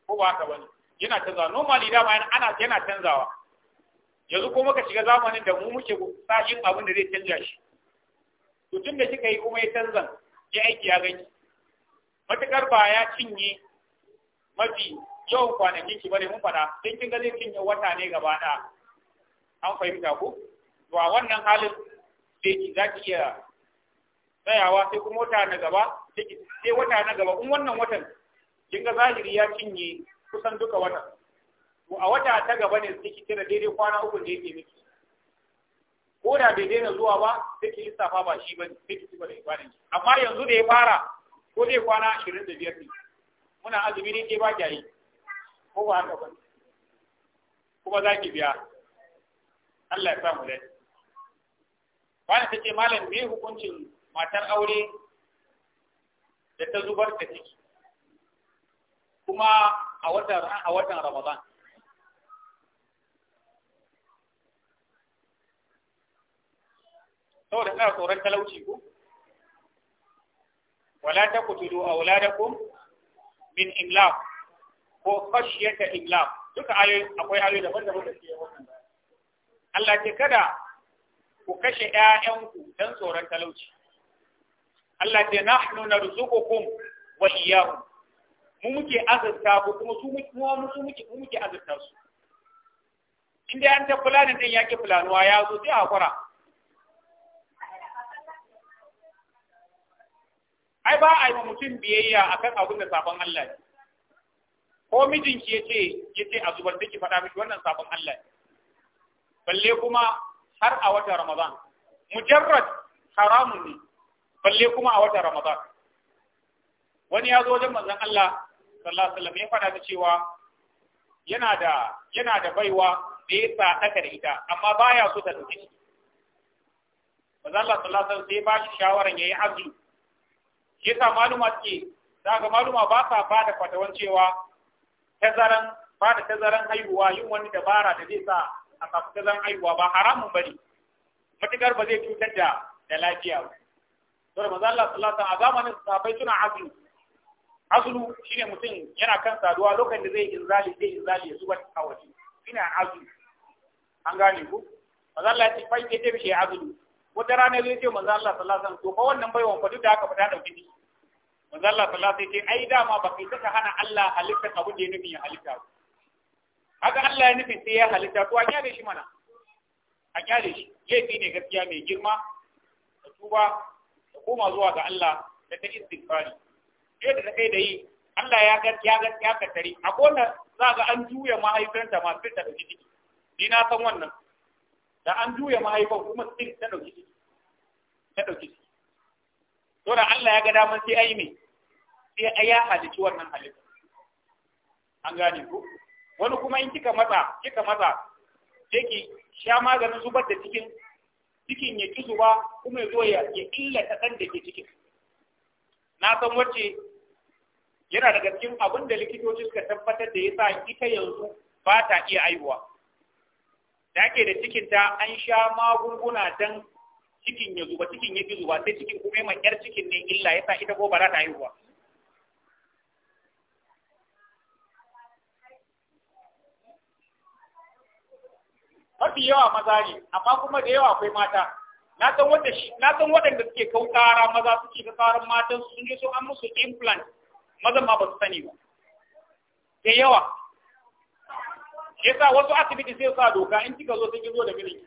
Speaker 1: ko ba haka bane yana canzawa normally bayan ana yana canzawa yanzu kuma muka shiga zamanin da mu muke sa abin da zai canja shi to tun da kika yi kuma ya canza, ya aiki ya gani matukar ba ya cinye mafi yawan kwanakin ki bane mun faɗa sai kin ga zai cinye wata ne gaba da an fahimta ko to a wannan halin sai ki za ki iya tsayawa sai kuma wata na gaba sai wata na gaba in wannan watan kin ga zahiri ya cinye kusan duka wata. to a wata ta gaba ne suke kira daidai kwana uku da yake miki ko da bai daina zuwa ba sai ki lissafa ba shi bane sai ki ci gaba da ibadan amma yanzu da ya fara ko dai kwana 25 ne muna azumi ne ke ba kyayi ko ba haka ba kuma za ki biya Allah ya samu dai wani ta ce malam me hukuncin matar aure da ta zubar da ciki kuma a watan a watan Ramadan saboda kana tsoron talauci ku wala taqtulu awladakum min imlaq ko khashyata imlaq duka ayoyi akwai ayoyi daban-daban da ke wannan Allah ce kada ku kashe ƴaƴanku dan tsoron talauci Allah ce nahnu narzuqukum wa iyyakum mu muke azurta ko kuma su muke mu muke mu muke azurta su inda an ta fulanin din yake fulanuwa ya zo sai hakura ai ba a yi mutum biyayya akan abin da sabon Allah ne ko mijinki yace yace a zubar take faɗa miki wannan sabon Allah ne balle kuma har a wata Ramadan mujarrad haramun ne balle kuma a wata Ramadan wani ya zo wajen manzon Allah sallallahu alaihi wasallam ya faɗa ta cewa yana da yana da baiwa da ya sadaka da ita amma baya so ta dauki ciki manzo Allah sallallahu alaihi wasallam sai ba shi shawaran yayi azumi shi yasa maluma suke daga maluma ba sa ba fatawan cewa tazaran ba da tazaran haihuwa yin wani dabara da zai sa a samu tazaran haihuwa ba haramun bane matukar ba zai cutar da da lafiya ba. Sura manzo Allah sallallahu alaihi wasallam a zamanin sahabbai suna azumi shi shine mutum yana kan saduwa lokacin da zai yi inzali zai inzali ya zuba a waje ina Azulu. an gane ku manzo Allah ya ce fa ke tafi shi azulu. wata rana zai ce manzo Allah sallallahu alaihi wasallam to fa wannan baiwan fa duk da aka fada dauki ni manzo Allah sallallahu alaihi wasallam ai dama ba kai saka hana Allah halitta abu da ya nufi ya halitta haka Allah ya nufi sai ya halitta to a kyale shi mana a kyale shi laifi ne gaskiya mai girma da tuba da koma zuwa ga Allah da ta istighfari yadda da kai da yi Allah ya ga ya ga ya katari a kona za ga an juya mahaifinta ma sai ta dauki ciki ni na san wannan da an juya mahaifin kuma sai ta dauki ciki ta dauki ciki to da Allah ya ga daman sai ai me sai ya halici wannan halitta an gane ku wani kuma in kika matsa kika matsa sai ki sha maganin zubar da cikin cikin ya ki zuba kuma ya zo ya illata ɗan da ke cikin na san wacce yana daga cikin abin da likitoci suka tabbatar da yasa ita yanzu ba ta iya aihuwa da ake da cikin ta an sha magunguna dan cikin ya zuba cikin ya zuba sai cikin kuma mai yar cikin ne illa yasa ita ko ba za ta aihuwa mafi yawa maza ne amma kuma da yawa akwai mata na san waɗanda suke kau ƙara maza suke ta tsarin matan sun je sun an musu implant mazan ma ba su sani ba ke yawa shi yasa wasu asibiti sai sa doka in kika zo sai ki zo da birin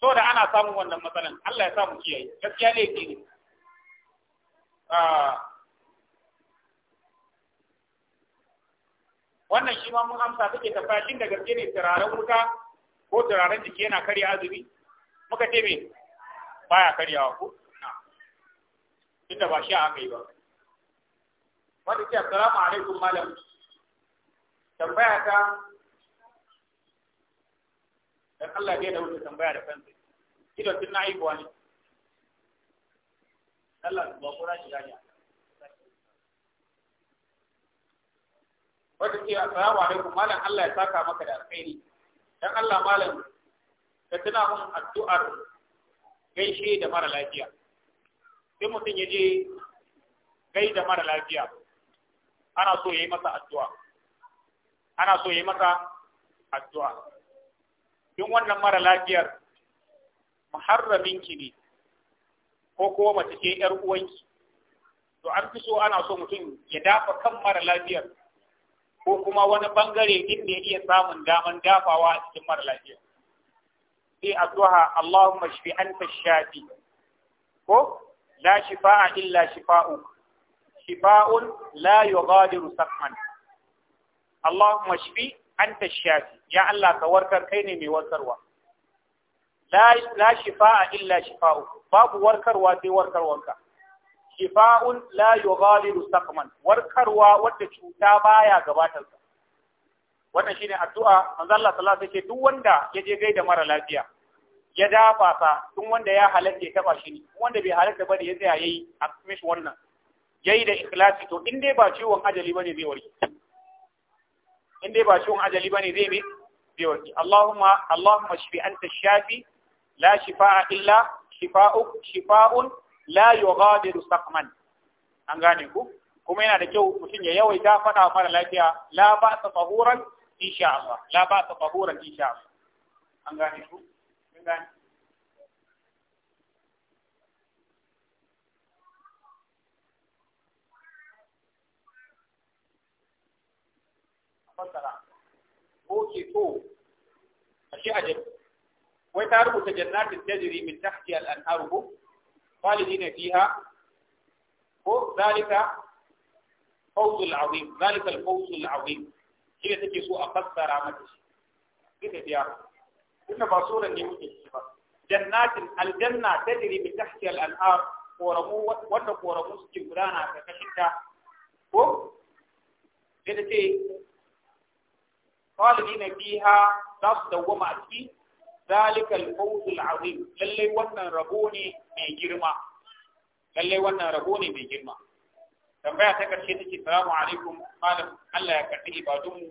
Speaker 1: so da ana samun wannan matsalan Allah ya samu kiyaye gaskiya ne ke ah. ne wannan shi ma mun amsa take ta fashin da gaske ne turaren wuta ko turaren jiki yana karya azumi muka ce me baya karyawa ko tunda ba shi aka yi ba wanda ke assalamu alaikum malam tambaya ta dan Allah ya da tambaya da kansa kidan tun na aibuwa ne Allah ba kura shi gani wanda ke assalamu alaikum malam Allah ya saka maka da alkhairi dan Allah malam ka tuna mun addu'ar gaishe da mara lafiya sai mutum ya je gai da mara lafiya ana so yayi masa addu'a ana so yayi masa addu'a duk wannan mara lafiyar muharraminki ne ko kuma mace ce yar uwanki to an fi so ana so mutum ya dafa kan mara lafiyar ko kuma wani bangare din ya iya samun daman dafawa a cikin mara lafiyar. sai addu'a Allahumma shfi anta shafi ko la shifaa illa shifaa'uk شفاء لا يغادر سقما اللهم اشفي انت الشافي يا الله كوركر كيني مي وركروا لا لا شفاء الا شفاء باب وركر دي وركر شفاء لا يغادر سقما وركر وات شوتا بايا غباتل wannan shine addu'a manzo Allah sallallahu alaihi wasallam duk wanda ya je gaida mara lafiya ya dafa sa duk wanda ya halatta ya taba shi ne wanda bai halatta ba da ya tsaya yayi a mishi wannan yayi da ikhlasi to in dai ba ciwon ajali bane zai warke in dai ba ciwon ajali bane zai zai warke Allahumma Allahumma shifi anta shafi la shifaa illa shifaa'uk shifaa'un la yughadiru saqman an gane ku kuma yana da kyau mutum ya yawaita faɗa mara lafiya la ba ta tsahuran insha Allah la ba ta tsahuran insha Allah an gane ku an gane fassara ko ke to a shi ajab wai ta rubuta jannatin tajri min tahti al-anharu ko khalidina fiha ko zalika fawzul azim zalika al-fawzul azim shi ne take so a fassara mata shi ita biya inda ba suran ne muke ciki ba jannatin aljanna tajri min tahti al-anhar koramu wanda koramu suke gudana ta kashinta ko ita ce خالدين فيها ذات دوما أتي azim lalle wannan rabo ne mai girma. lalle wannan rabo ne mai girma. tambaya ta karshe take salamu alaikum malam Allah ya karbi ibadunmu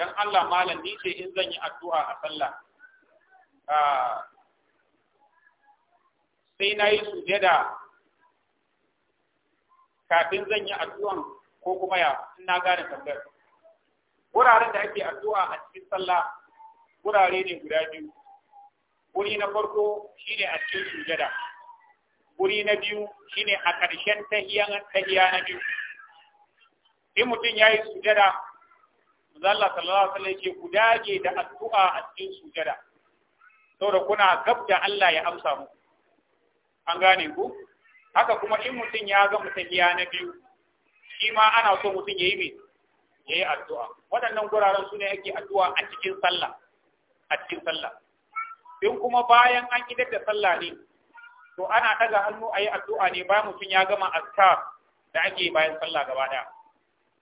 Speaker 1: dan Allah malam ni ce in zan yi addu'a a sallah ah, sai na yi sujada kafin zan yi addu'an ko kuma ya ina gane tambayar wuraren da ake addu'a a cikin sallah wurare ne guda biyu wuri na farko shine a cikin sujada wuri na biyu shine a ƙarshen tahiyan tahiya na biyu in mutum ya yi sujada Allah sallallahu alaihi wasallam ce ku da addu'a a cikin sujada saboda kuna gab da Allah ya amsa mu an gane ku haka kuma in mutum ya ga mutahiya na biyu shi ma ana so mutum yayi mai ya yi addu'a waɗannan guraren su ne yake addu'a a cikin sallah a cikin sallah in kuma bayan an idar da sallah ne to ana ɗaga hannu a yi addu'a ne bayan mutum ya gama azkar da ake bayan sallah gaba ɗaya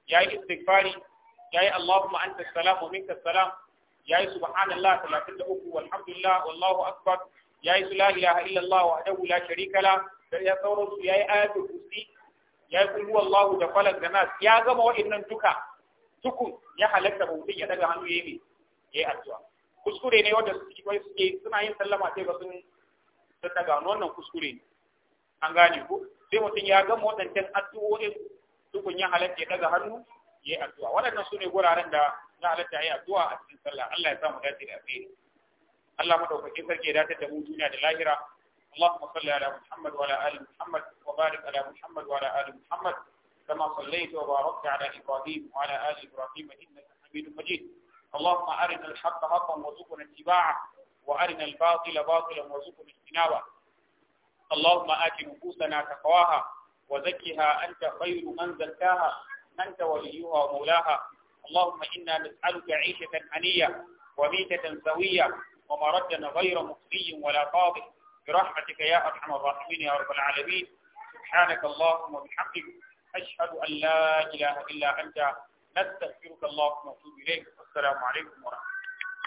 Speaker 1: ya yi istighfari ya yi Allahumma anta salam wa minka salam ya yi subhanallah 33 walhamdulillah wallahu akbar ya yi la ilaha illallah wahdahu la sharika la da ya sauransu ya yi ayatul kursi ya yi kulhu wallahu da falak da nas ya gama waɗannan duka tukun ya halatta mutum ya daga hannu yayi yayi addu'a kuskure ne wanda suke suke suna yin sallama sai ba sun sun daga hannu wannan kuskure ne an gane ku sai mutum ya gama waɗancan addu'o'in tukun ya halatta ya daga hannu yayi addu'a waɗannan su ne guraren da na halatta yayi addu'a a cikin sallah Allah ya sa mu dace da alheri Allah madaukakin sarki ya dace da mu duniya da lahira اللهم صل على محمد وعلى ال محمد وبارك على محمد وعلى ال محمد كما صليت وباركت على إبراهيم وعلى آل إبراهيم إنك حميد مجيد اللهم أرنا الحق حقا وارزقنا اتباعه وأرنا الباطل باطلا وارزقنا اجتنابه اللهم آت نفوسنا تقواها وزكها أنت خير من زكاها أنت وليها ومولاها اللهم إنا نسألك عيشة هنية وميتة سوية ومردنا غير مخزي ولا قاضي برحمتك يا أرحم الراحمين يا رب العالمين سبحانك اللهم وبحمدك أشهد أن لا إله إلا أنت نستغفرك اللهم ونتوب إليك والسلام عليكم ورحمة الله